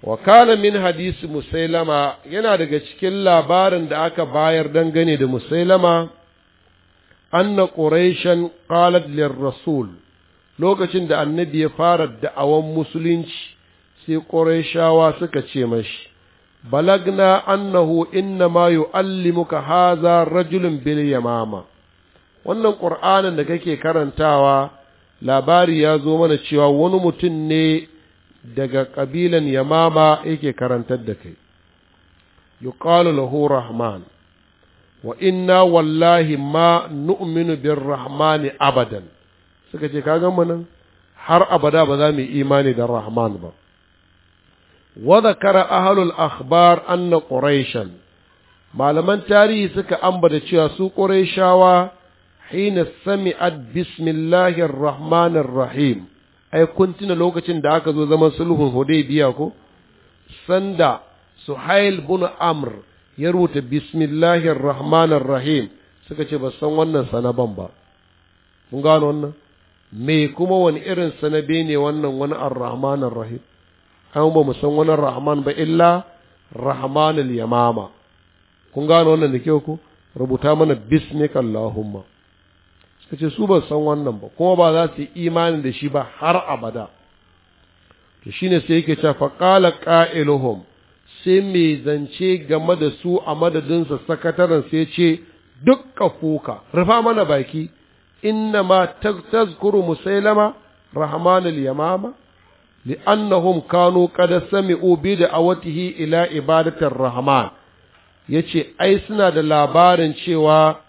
wa min hadisi musailama yana daga cikin labarin da aka bayar dangane da musailama anna quraishan qalat lir rasul lokacin da annabi ya fara da'awan musulunci sai quraishawa suka ce mashi بلغنا annahu inna ma yu'allimuka haza rajulun bil yamama wannan qur'anin da kake karantawa labari ya zo mana cewa wani mutum ne daga kabilan yamama yake karantar da kai yuqalu lahu rahman wa inna wallahi ma nu'minu bir rahmani abadan suka ce ka gama nan har abada ba za mu imani da rahman ba وذكر أهل الأخبار أن قريشا malaman tarihi suka ambata cewa su ƙurayshawa hina sami'at bismillahir rahmanir rahim ai kun lokacin da aka zo zaman sulhun hudaybiya ko sanda suhail bin amr ya rubuta bismillahir rahmanir rahim suka ce ba san wannan sanaban ba mun gano wannan me kuma wani irin sanabe ne wannan wani ar-rahmanir rahim an ba mu san wani rahman ba illa rahmanul yamama kun gane wannan da kyau ku rubuta mana bismika allahumma suka ce su ba san wannan ba kuma ba za su yi imani da shi ba har abada to shine sai yake cewa qala qa'iluhum sai me zance game da su a madadinsa sakataren sai ce duk kafuka rufa mana baki inna ma tazkuru musailama rahmanul yamama li'annahum kanu qad sami'u bi da'awatihi ila ibadatir rahman yace ai suna da labarin cewa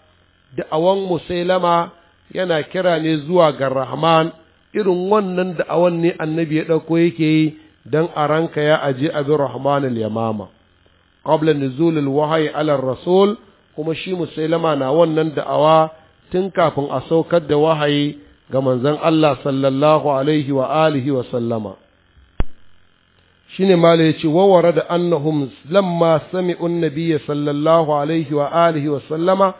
da'awan musailama yana kira ne zuwa ga rahman irin wannan da'awan ne annabi ya ɗauko yake yi don a ranka ya aje abin rahman al-yamama qabla nuzul al-wahyi ala rasul kuma shi musailama na wannan da'awa tun kafin a saukar da wahayi ga manzon Allah sallallahu shine mala yace wawara da annahum lamma sami'u nabiyya sallallahu alaihi wa alihi wa sallama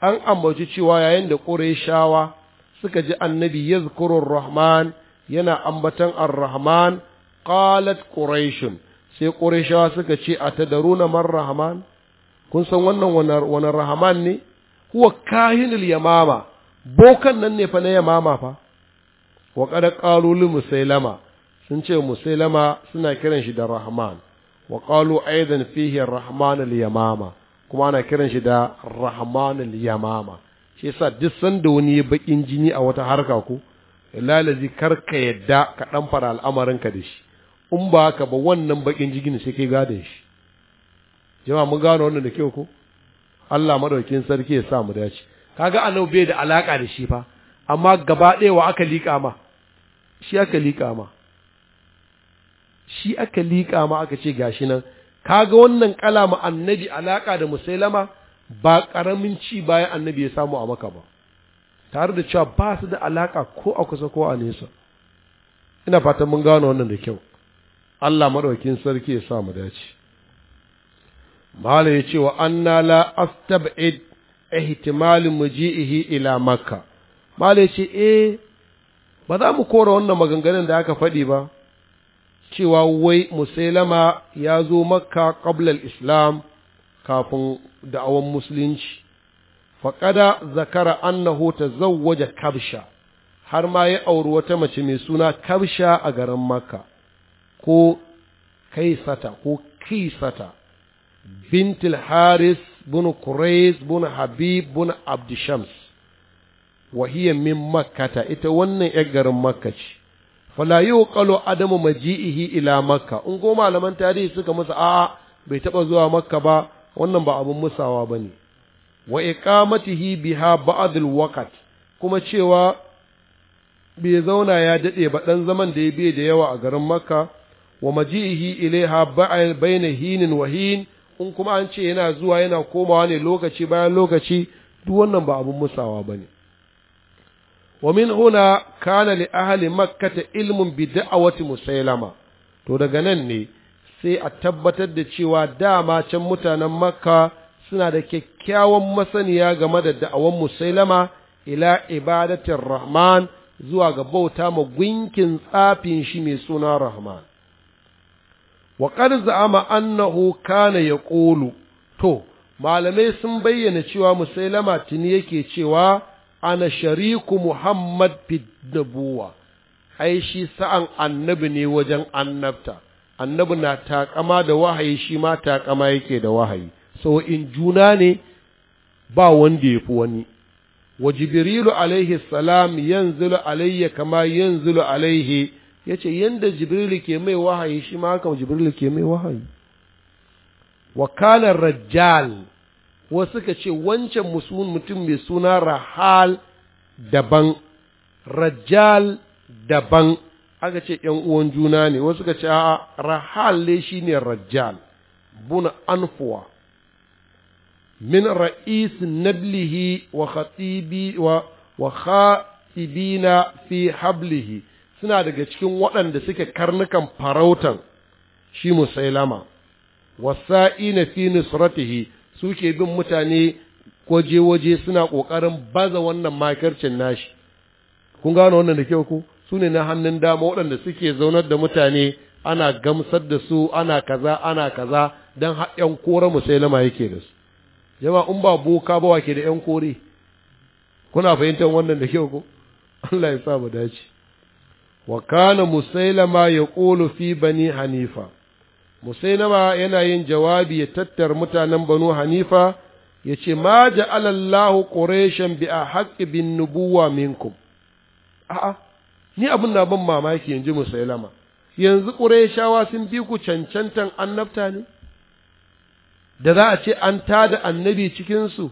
an ambaci cewa yayin da qurayshawa suka ji annabi yazkuru rahman yana ambatan ar-rahman qalat quraish sai qurayshawa suka ce atadaruna man rahman kun san wannan wani rahman ne huwa kahinul yamama bokan nan ne fa na yamama fa wa qad qalu li musailama sun ce musailama suna kiran shi da rahman wa qalu aidan fihi rahman al-yamama kuma ana kiran shi da rahman al-yamama shi yasa duk sanda wani ya bakin jini a wata harka ko lalazi kar ka yadda ka dan fara al'amarin ka da shi in ba haka ba wannan bakin jini sai kai gada shi jama'a mun gano wannan da kyau ko Allah madaukin sarki ya sa mu dace kaga anau bai da alaka da shi fa amma gaba ɗaya wa aka liƙa ma shi aka liƙa ma shi aka liƙa ma aka ce gashi nan kaga wannan kalama annabi alaka da musailama ba ƙaramin ci bayan annabi ya samu a maka ba tare da cewa ba su da alaka ko a kusa ko a nesa ina fatan mun gano wannan da kyau Allah maɗaukin sarki ya sa mu dace Malam ya ce wa anna la astab'id ihtimalin muji'ihi ila makka Malam ya ce eh ba za mu kora wannan maganganun da aka faɗi ba cewa wai musailama ya zo makka qablal islam kafin da'awan musulunci faƙada zakara annahu tazawwaja kabsha har ma ya auri wata mace mai suna kabsha a garin makka ko kaisata ko kisata bintil haris bin kurais bin habib bin abdishams wa hiya min makkata ita wannan yar garin makka ce fala yuqalu adamu maji'ihi ila makka in go malaman tarihi suka musu a'a bai taba zuwa makka ba wannan ba abun musawa bane wa iqamatihi biha ba'dul waqt kuma cewa bai zauna ya dade ba dan zaman da ya bai da yawa a garin makka wa maji'ihi ilaiha bayna hinin wa hin in kuma an ce yana zuwa yana komawa ne lokaci bayan lokaci duk wannan ba abun musawa bane wa min huna kana li ahli makkata ilmun bi da'awati musailama to daga nan ne sai a tabbatar da cewa da can mutanen makka suna da kyakkyawan masaniya game da da'awan musailama ila ibadatin rahman zuwa ga bauta ma gunkin tsafin shi mai suna rahman wa qad za'ama annahu kana yaqulu to malamai sun bayyana cewa musailama tuni yake cewa ana shariku Muhammad fi nabuwa ai shi sa'an annabi ne wajen annabta annabi na takama da wahayi shi ma takama yake da wahayi so in juna ne ba wanda ya fi wani wa jibrilu alaihi salam yanzilu alayya kama yanzilu alaihi yace yanda jibrilu ke mai wahayi shi ma haka jibrilu ke mai wahayi wa kana rajjal wasu suka ce wancan mutum mai suna rahal daban rajal daban aka ce ‘yan uwan juna ne wasu ka ce a rahal ne shi ne rajal buna anfuwa min ra'is nablihi wa khatibi wa wa khatibina fi hablihi suna daga cikin waɗanda suke karnukan farautan shi musailama wasa'ina fi nusratihi suke bin mutane waje-waje suna ƙoƙarin baza wannan makircin nashi kun gano wannan da kyau ko su ne na hannun dama waɗanda suke zaunar da mutane ana gamsar da su ana kaza ana kaza don yan kore musailama yake da su jama'a in ba boka ba ke da yan kore kuna fahimtar wannan da kyau ko Allah ya sa mu dace wa kana musailama yaqulu fi bani hanifa musainama yana yin jawabi ya tattar mutanen banu hanifa ya ce ma ja'alallahu quraishan bi ahqqi bin nubuwa minkum a'a ni abin na ban mamaki yanzu musailama yanzu quraishawa sun bi ku cancantan annabta ne da za a ce an tada annabi cikin su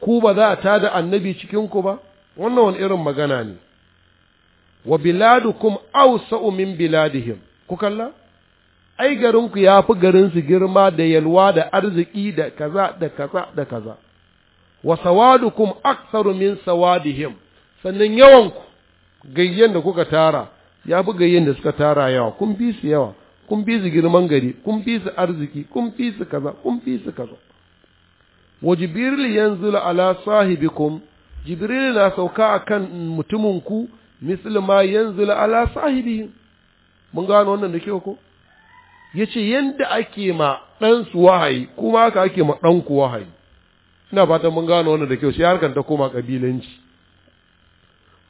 ku ba za a tada annabi cikinku ba wannan wani irin magana ne wa biladukum awsa'u min biladihim ku kalla ai garinku ya fi garinsu girma da yalwa da arziki da kaza da kaza da kaza wa sawadukum aktsaru min sawadihim sannan yawanku gayyen da kuka tara ya fi gayyen da suka tara yawa kun fi su yawa kun fi su girman gari kun fi su arziki kun fi su kaza kun fi su kaza wa jibril yanzulu ala sahibikum jibril na sauka akan mutumin ku misli ma yanzulu ala sahibihim mun gano wannan da kyau ko ya ce yadda ake ma ɗansu wahayi kuma haka ake ma ɗanku wahayi ina fatan mun gano wannan da kyau sai harkar ta koma ƙabilanci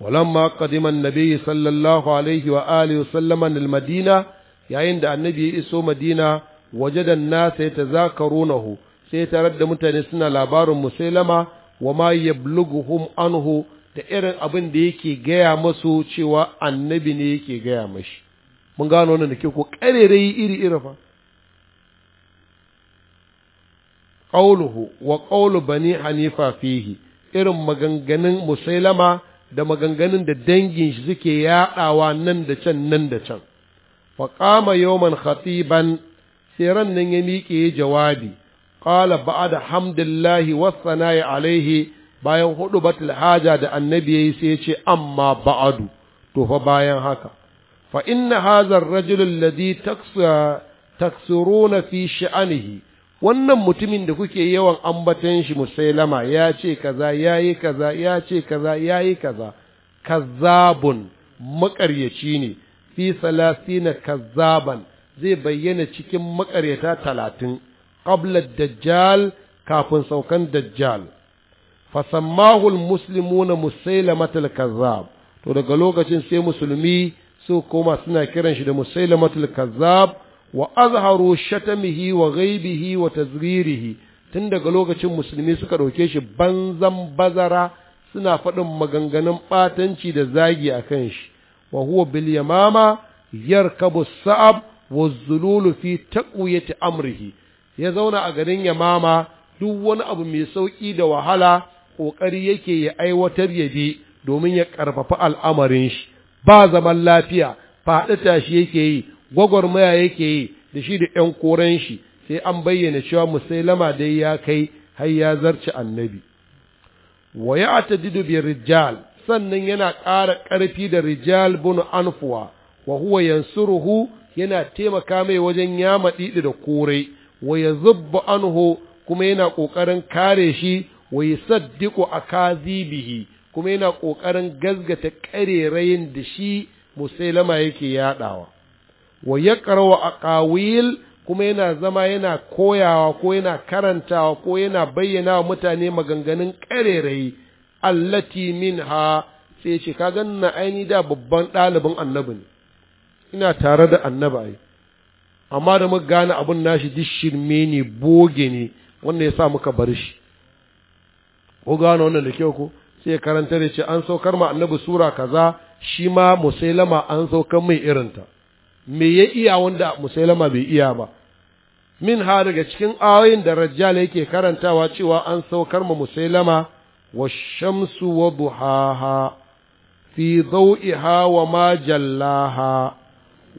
walamma qadima annabi sallallahu alaihi wa alihi wa sallama nil madina yayin da annabi ya iso madina wajadan nasa yatazakarunahu sai tarar da mutane suna labarin musailama wa ma yabluguhum anhu da irin abin da yake gaya masu cewa annabi ne yake gaya mashi mun gano wannan da ke ko yi iri iri fa qawluhu wa qawlu bani hanifa fihi irin maganganun musailama da maganganun da dangin shi suke yaɗawa nan da can nan da can fa qama yawman khatiban sai nan ya miƙe jawabi qala ba'da hamdillahi was sana'i alaihi bayan hudu batul haja da annabi yayi sai ya ce amma ba'adu to fa bayan haka fa inna hazar rajulun ladhi taksuruna fi wannan mutumin da kuke yawan ambaton shi musailama ya ce kaza yayi kaza ya ce kaza yayi kaza kazzabun makaryaci ne fi salasina kazzaban zai bayyana cikin makaryata talatin qabla dajjal kafin saukan dajjal fasammahu almuslimuna musailamatul kazzab to daga lokacin sai musulmi su kuma suna kiran shi da musailamatul kazzab wa azharu shatamihi wa ghaibihi wa tazririhi tun daga lokacin musulmi suka ɗauke shi banzan bazara suna faɗin maganganun ɓatanci da zagi a kan shi wa huwa bil yamama yarkabu sa'ab wa zululu fi taqwiyati amrihi ya zauna a garin yamama duk wani abu mai sauki da wahala ƙoƙari yake ya aiwatar ya bi domin ya ƙarfafa al'amarin shi ba zaman lafiya faɗi tashi yake yi gwagwarmaya yake yi da shi da ƴan koren shi sai an bayyana cewa musailama dai ya kai har ya zarci annabi wa ya atadidu bi rijal sannan yana ƙara ƙarfi da rijal bunu anfuwa wa huwa yansuruhu yana taimaka mai wajen yama ɗiɗi da kore wa ya zubba anhu kuma yana ƙoƙarin kare shi wa yusaddiqu akazibihi kuma yana ƙoƙarin gazgata ƙarerayin da shi musailama yake yaɗawa wa ya a ƙawil kuma yana zama yana koyawa ko yana karantawa ko yana bayyana wa mutane maganganun ƙarerayi allati minha sai ce ka ganna aini da babban ɗalibin annabi ne ina tare da annabi ai amma da muka gane abin nashi duk shirme ne boge ne wanda ya sa muka bar shi ko gane wannan da kyau ko sai karanta da ce an saukar ma annabi sura kaza shi ma musailama an saukar mai irinta me ya iya wanda musailama bai iya ba min ha daga cikin ayoyin da rajjal yake karantawa cewa an saukar ma musailama wa shamsu wa duhaha fi daw'iha wa ma jallaha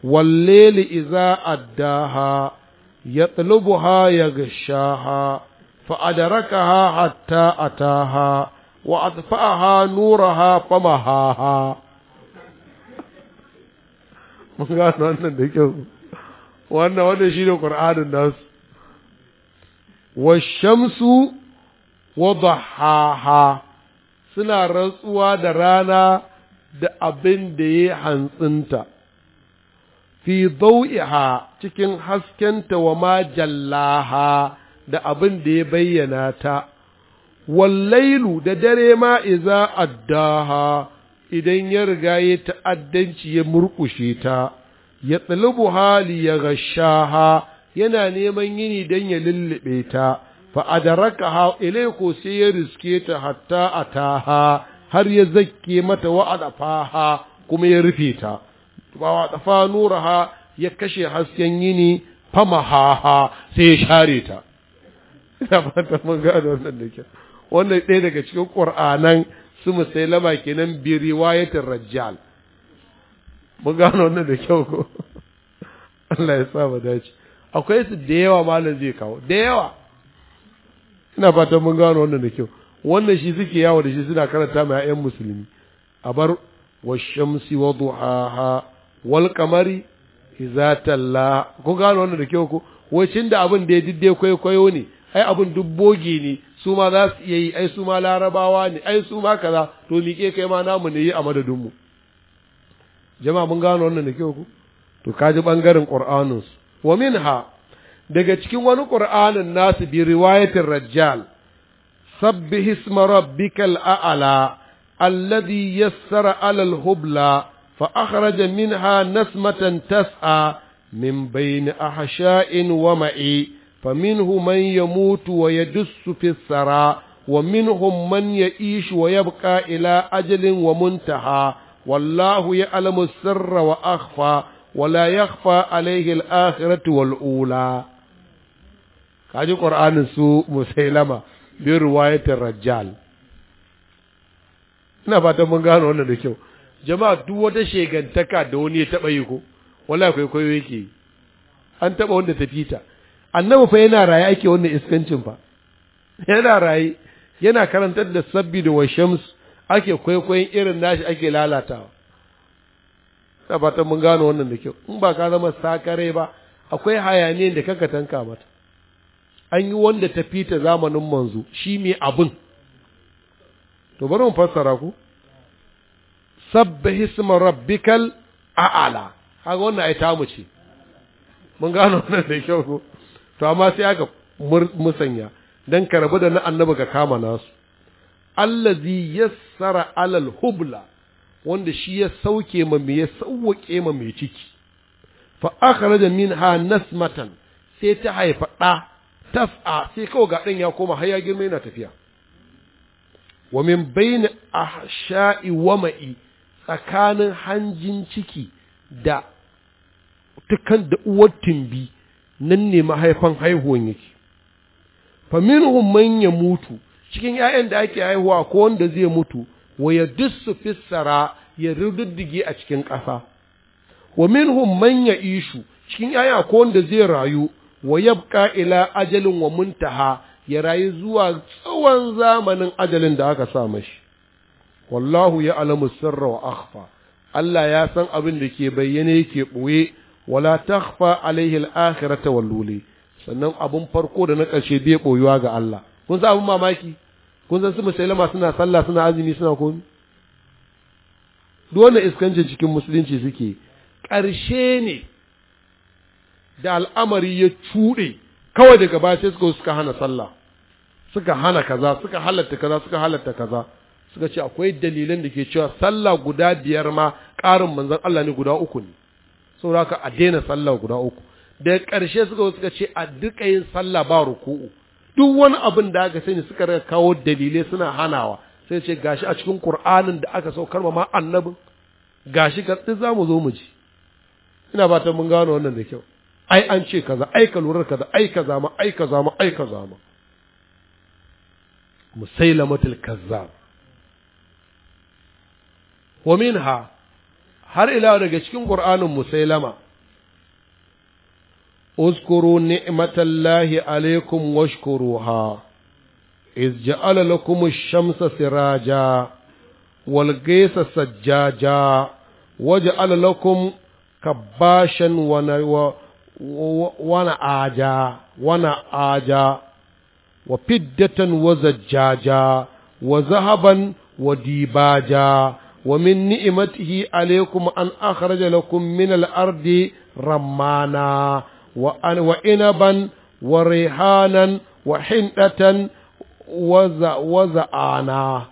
wal layli idza addaha yatlubuha yaghshaha fa adrakaha hatta ataha wa atfa'aha nuraha famahaha mun gano wannan da kyau wannan shi ne ƙur'anin nasu wa shamsu wa dhahaha suna rantsuwa da rana da abin da ya hantsinta fi dau'iha cikin haskenta wa ma jallaha da abin da ya bayyana ta wallailu da dare ma iza addaha idan ya riga ya ta'addanci ya murƙushe ta ya tsalubu hali ya gashaha yana neman yini don ya lullube ta fa adaraka ha ilaiko sai ya riske ta hatta a taha har ya zakke mata ha kuma ya rufe ta ba wa nura ha, ya kashe hasken yini fama ha ha sai ya share ta ina fata mun wannan da kyau wannan ɗaya daga cikin ƙur'anan su musailama kenan bi riwayatin rajjal mun gano wannan da kyau ko (laughs) Allah ya sa mu dace akwai su da yawa malam zai kawo da yawa ina fatan mun gano wannan da kyau wannan shi suke yawo da shi suna karanta ma ƴan musulmi a bar washamsi wa duhaha wal qamari iza talla ko gano wannan da kyau ko wacin da abin da ya didde kwaikwayo ne ai abin dubbogi ne su ma za su iya yi ai su ma larabawa ne ai su ma kaza to miƙe kai ma namu ne yi a madadinmu jama'a mun gano wannan da kyau ku to kaji bangaren qur'anin su wa minha daga cikin wani qur'anin nasu bi riwayatir rajjal sabbih isma rabbikal a'la alladhi yassara alal hubla fa akhraja minha nasmatan tas'a min bayni ahsha'in wa ma'i فمنهم من يموت ويدس في السراء ومنهم من يعيش ويبقى إلى أجل ومنتهى والله يعلم السر وأخفى ولا يخفى عليه الآخرة والأولى كاجي قرآن سو مسيلمة برواية الرجال ina fatan من gano wannan da kyau jama'a duk wata shegantaka da wani ya taɓa yi ko wala annabi fa yana raye ake wannan iskancin fa yana raye yana karantar da sabbi da washams ake kwaikwayin irin nashi ake lalatawa ta ba mun gano wannan da kyau in ba ka zama sakare ba akwai hayaniyar da kanka tanka mata an yi wanda ta fita zamanin manzo shi mai abin to bari mu fassara ku sabbih isma rabbikal a'ala kaga wannan ai mu ce mun gano (laughs) wannan da kyau ko to amma sai aka musanya dan ka rabu da na annabi ka kama nasu allazi yassara alal hubla wanda shi ya sauke ma me ya sauke ma mai ciki fa akhraja minha nasmatan sai ta haifa ɗa tas'a sai kawai ga ɗan ya koma har ya girma yana tafiya wa min bayni ahsha'i wama'i tsakanin hanjin ciki da tukan da uwar tumbi nan ne mahaifan haihuwan yake fa minhum man yamutu cikin 'ya'yan da ake haihuwa ko wanda zai mutu waya dussu fissara ya rududdige a cikin ƙasa wa minhum manya ishu cikin yaya ko wanda zai rayu wa ila ajalin wa muntaha ya rayu zuwa tsawon zamanin ajalin da aka sa mashi wallahu ya alamu sirra wa akhfa Allah ya san abin da ke bayyane yake ɓoye wala takhfa alaihi al-akhirata walluli sannan abun farko da na ƙarshe bai boyuwa ga Allah kun san abun mamaki kun san su musulma suna sallah suna azumi suna komi Dole cikin musulunci suke ƙarshe ne da al'amari ya cuɗe kawai daga baya sai suka suka hana sallah suka hana kaza suka halatta kaza suka halatta kaza suka ce akwai dalilan da ke cewa sallah guda biyar ma ƙarin manzon Allah ne guda uku ne haka a daina sallah guda uku da ƙarshe suka suka ce a duka yin sallah ba ruku'u duk wani abin da aka sani suka rika kawo dalilai suna hanawa sai ce gashi a cikin Qur'anin da aka saukar ma annabin gashi ka duk zamu zo mu ji ina ba ta mun gano wannan da kyau ai an ce kaza ai ka lura kaza ai kaza ma ai kaza ma ai kaza ma musailamatul kazzab wa minha har ila daga cikin ƙur'anin musailama uskuru ni'matallahi alaikum washkuruha iz ja'ala lakum ash-shamsa siraja wal ghaysa sajjaja waja'ala lakum kabashan wa wana aja wana aja wa fiddatan wa zajjaja wa zahaban wa wa min ni'matihi alaykum an akhraja lakum min al-ardi rammana wa an wa inaban wa rihanan wa hindatan wa za wa za'ana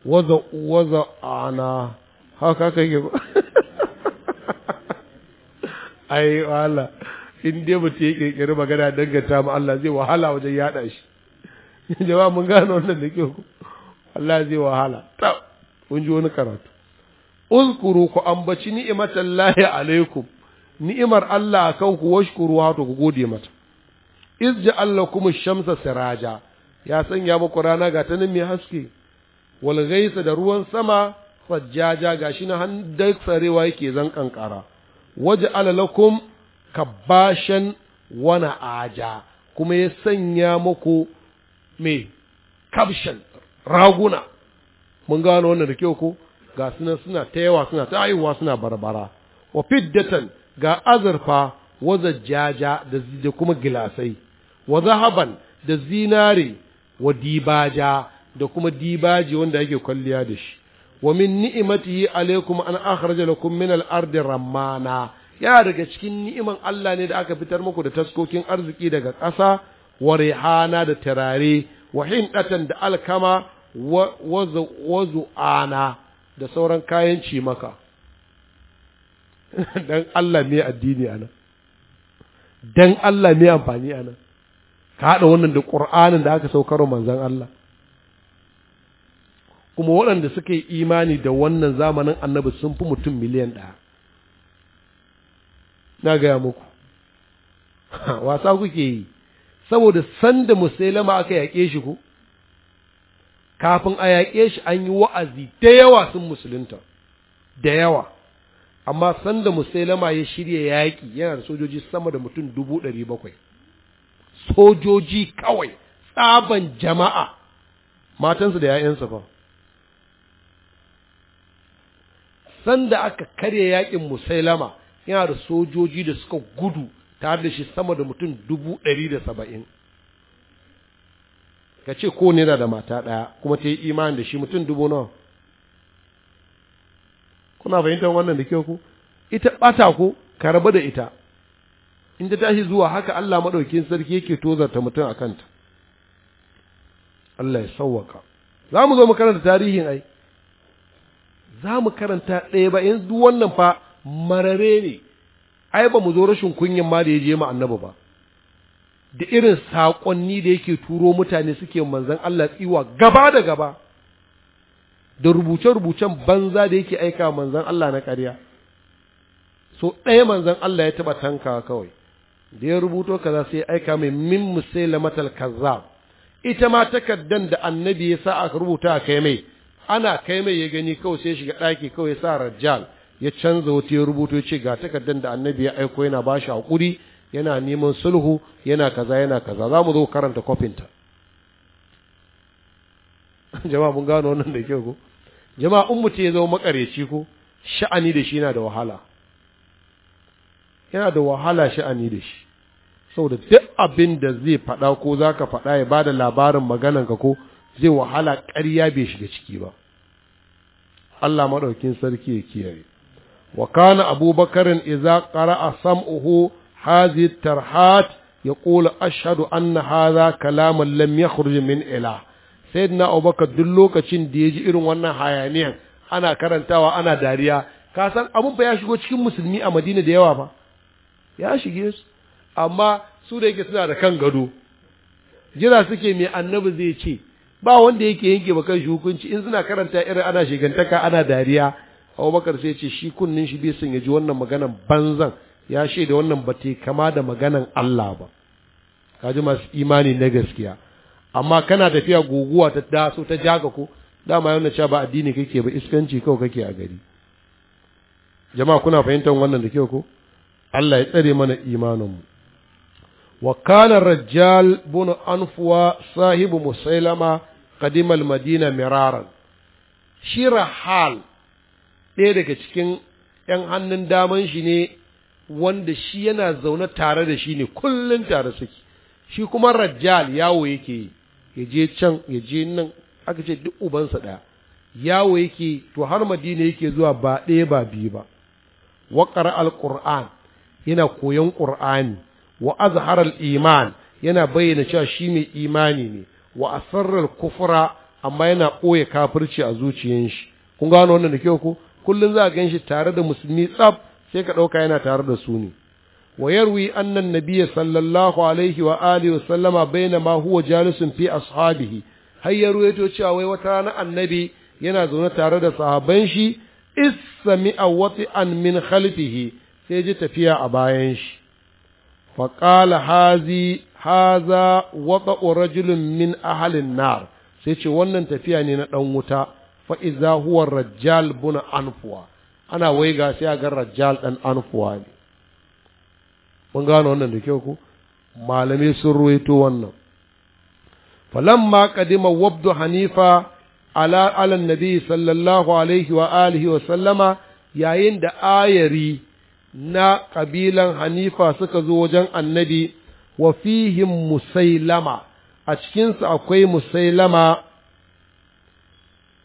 (laughs) (laughs) kun ji wani karatu uzkuru ku ambaci ni'imatan lahi alaikum ni'imar Allah a ku washkuru wato ku gode mata iz ja'alla ash shamsa siraja ya sanya muku rana ga ta nan mai haske wal ghaisa da ruwan sama fajjaja gashi na da sarewa yake zan kankara waja'ala lakum kabashan wana aja kuma ya sanya muku me kabshan raguna mun gano wannan da kyau ko ga sunan suna ta yawa suna ta haihuwa suna barbara wa fiddatan ga azurfa wa zajjaja da kuma gilasai wa zahaban da zinare wa dibaja da kuma dibaji wanda yake kwalliya da shi wa min ni'imatihi alaikum an akhraja lakum min al-ardi rammana ya daga cikin ni'iman Allah ne da aka fitar muku da taskokin arziki daga ƙasa wa rihana da tarare wa hindatan da alkama wazu'ana da sauran kayan maka. (laughs) don Allah mai addini a nan Allah mai amfani a ka haɗa wannan da ƙur'anin da aka saukar manzan Allah kuma waɗanda suka yi imani da wannan zamanin annabi sun fi mutum miliyan ɗaya na gaya muku (laughs) wasa kuke yi saboda sanda musulama aka yaƙe shi ku kafin a yaƙe shi an yi wa'azi da yawa sun musulunta da yawa amma sanda musailama ya shirya yaƙi yana da sojoji sama da mutum dubu ɗari bakwai sojoji kawai tsaban jama'a matansu da ‘ya'yansa ba sanda aka karya yaƙin musailama yana da sojoji da suka gudu tare da shi sama da mutum dubu ɗari da saba'in ka ce ko ne da mata ɗaya kuma ta yi imani da shi mutum dubu nawa kuna fahimtar wannan da kyau ku ita ɓata ku ka rabu da ita in ta tashi zuwa haka Allah maɗaukin sarki yake tozarta mutum a kanta Allah ya sauwaka za mu zo mu karanta tarihin ai za mu karanta ɗaya ba Yanzu wannan fa marare ne ai ba mu zo rashin kunyan ma da ya je ma annabi ba da irin saƙonni da yake turo mutane suke manzan Allah tsiwa gaba da gaba da rubuce-rubucen banza da yake aika manzan Allah na ƙarya so ɗaya manzan Allah ya taɓa tanka kawai da ya rubuto kaza sai ya aika mai min matal kaza. ita ma takardan da annabi ya sa a rubuta a kai mai ana kai mai ya gani kawai sai shiga ɗaki kawai ya sa rajal ya canza wata ya rubuto ce ga takardan da annabi ya aiko yana ba shi haƙuri yana neman sulhu yana kaza yana kaza za mu zo karanta kofinta (laughs) jama'a mun gano wannan da kyau ko jama'a in mutum ya zama makareci ko sha'ani da shi yana da wahala yana da wahala sha'ani da shi saboda duk abin da zai faɗa ko za ka faɗa ya ba da labarin ka ko zai wahala ƙarya bai shiga ciki ba Allah maɗaukin sarki ya kiyaye wa kana abubakarin iza qara'a sam'uhu هذه الترحات يقول أشهد أن هذا كلام لم يخرج من إله سيدنا أبو بكر دلوك تشين ديجي إرون وانا حيانيا أنا كرنتاوا أنا داريا ya shigo cikin musulmi a مسلمي da yawa ba. ya shige su amma su da yake suna da kan gado jira suke mai annabi zai ce ba wanda yake yanke ba kan shi hukunci in suna karanta irin ana shigantaka ana dariya Abubakar sai ce shi kunnin shi bai son ya wannan maganan banzan ya da wannan ba ta kama da maganan Allah ba Ka ji masu imani na gaskiya amma kana tafiya guguwa ta daso ta jaga ko dama yau na ba addini kake ba iskanci kawai kake a gari jama'a kuna fahimtar wannan da kyau ko Allah ya tsare mana imanin mu wa kana rajjal bin anfuwa sahibu musailama kadimal madina miraran shi rahal ɗaya daga cikin ‘yan hannun daman shi ne wanda shi yana zaune tare da shi ne kullum tare suke shi kuma rajjal yawo yake ya je can ya je nan aka ce duk ubansa ɗaya yawo yake to har madina yake zuwa ba ɗaya ba biyu ba waƙar alƙur'an yana koyon Ƙur'ani wa azhar iman yana bayyana cewa shi mai imani ne wa kufura kufura amma yana ɓoye kafirci a zuciyar kun gano wannan da kyau ko kullum za a gan shi tare da musulmi tsaf sai ka ɗauka yana tare da su ne wa yarwi annan nabiyya sallallahu alaihi wa alihi wa sallama bainama huwa jalisun fi ashabihi har ya ruwaito cewa wai wata rana annabi yana zaune tare da sahaban shi is sami'a an min khalfihi sai ji tafiya a bayan shi fa qala hazi haza wata'u rajulun min ahlin nar sai ce wannan tafiya ne na dan wuta fa iza huwa rajjal buna anfuwa ana waiga sai a ga rajal ɗan anfuwa ne mun gano wannan da kyau ko malamai sun ruwaito wannan falamma kadima wabdu hanifa ala alan nabi sallallahu alaihi wa alihi wa sallama yayin da ayari na kabilan hanifa suka zo wajen annabi wa fihim musailama a cikinsu akwai musailama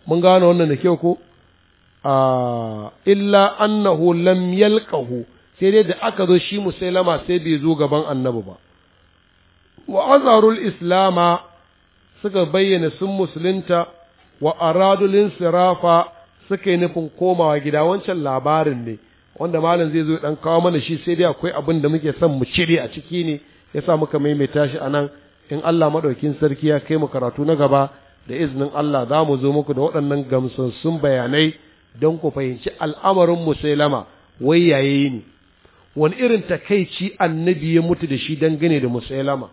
mun gano wannan da kyau ko Ah. illa annahu lam yalqahu sai dai da aka zo shi musailama sai bai zo gaban annabi ba wa azharul islama suka bayyana sun musulunta wa sirafa suka yi nufin komawa gida wancan labarin ne wanda malam zai zo ya dan kawo mana shi sai dai akwai abin da muke son mu cire a ciki ne yasa muka maimaita shi anan in Allah maɗaukin sarki ya kai mu karatu na gaba da iznin Allah za mu zo muku da waɗannan gamsassun bayanai don ku fahimci al'amarin musailama wai yaye ne wani irin takaici annabi ya mutu da shi dangane da musailama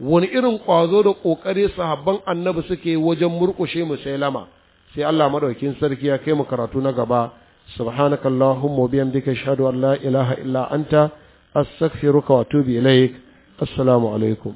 wani irin ƙwazo da ƙoƙari sahabban annabi suke wajen murƙushe musailama sai Allah maɗaukin sarki ya kai mu karatu na gaba subhanaka allahumma wa bihamdika ashhadu an la ilaha illa anta astaghfiruka wa atubu ilaik assalamu alaikum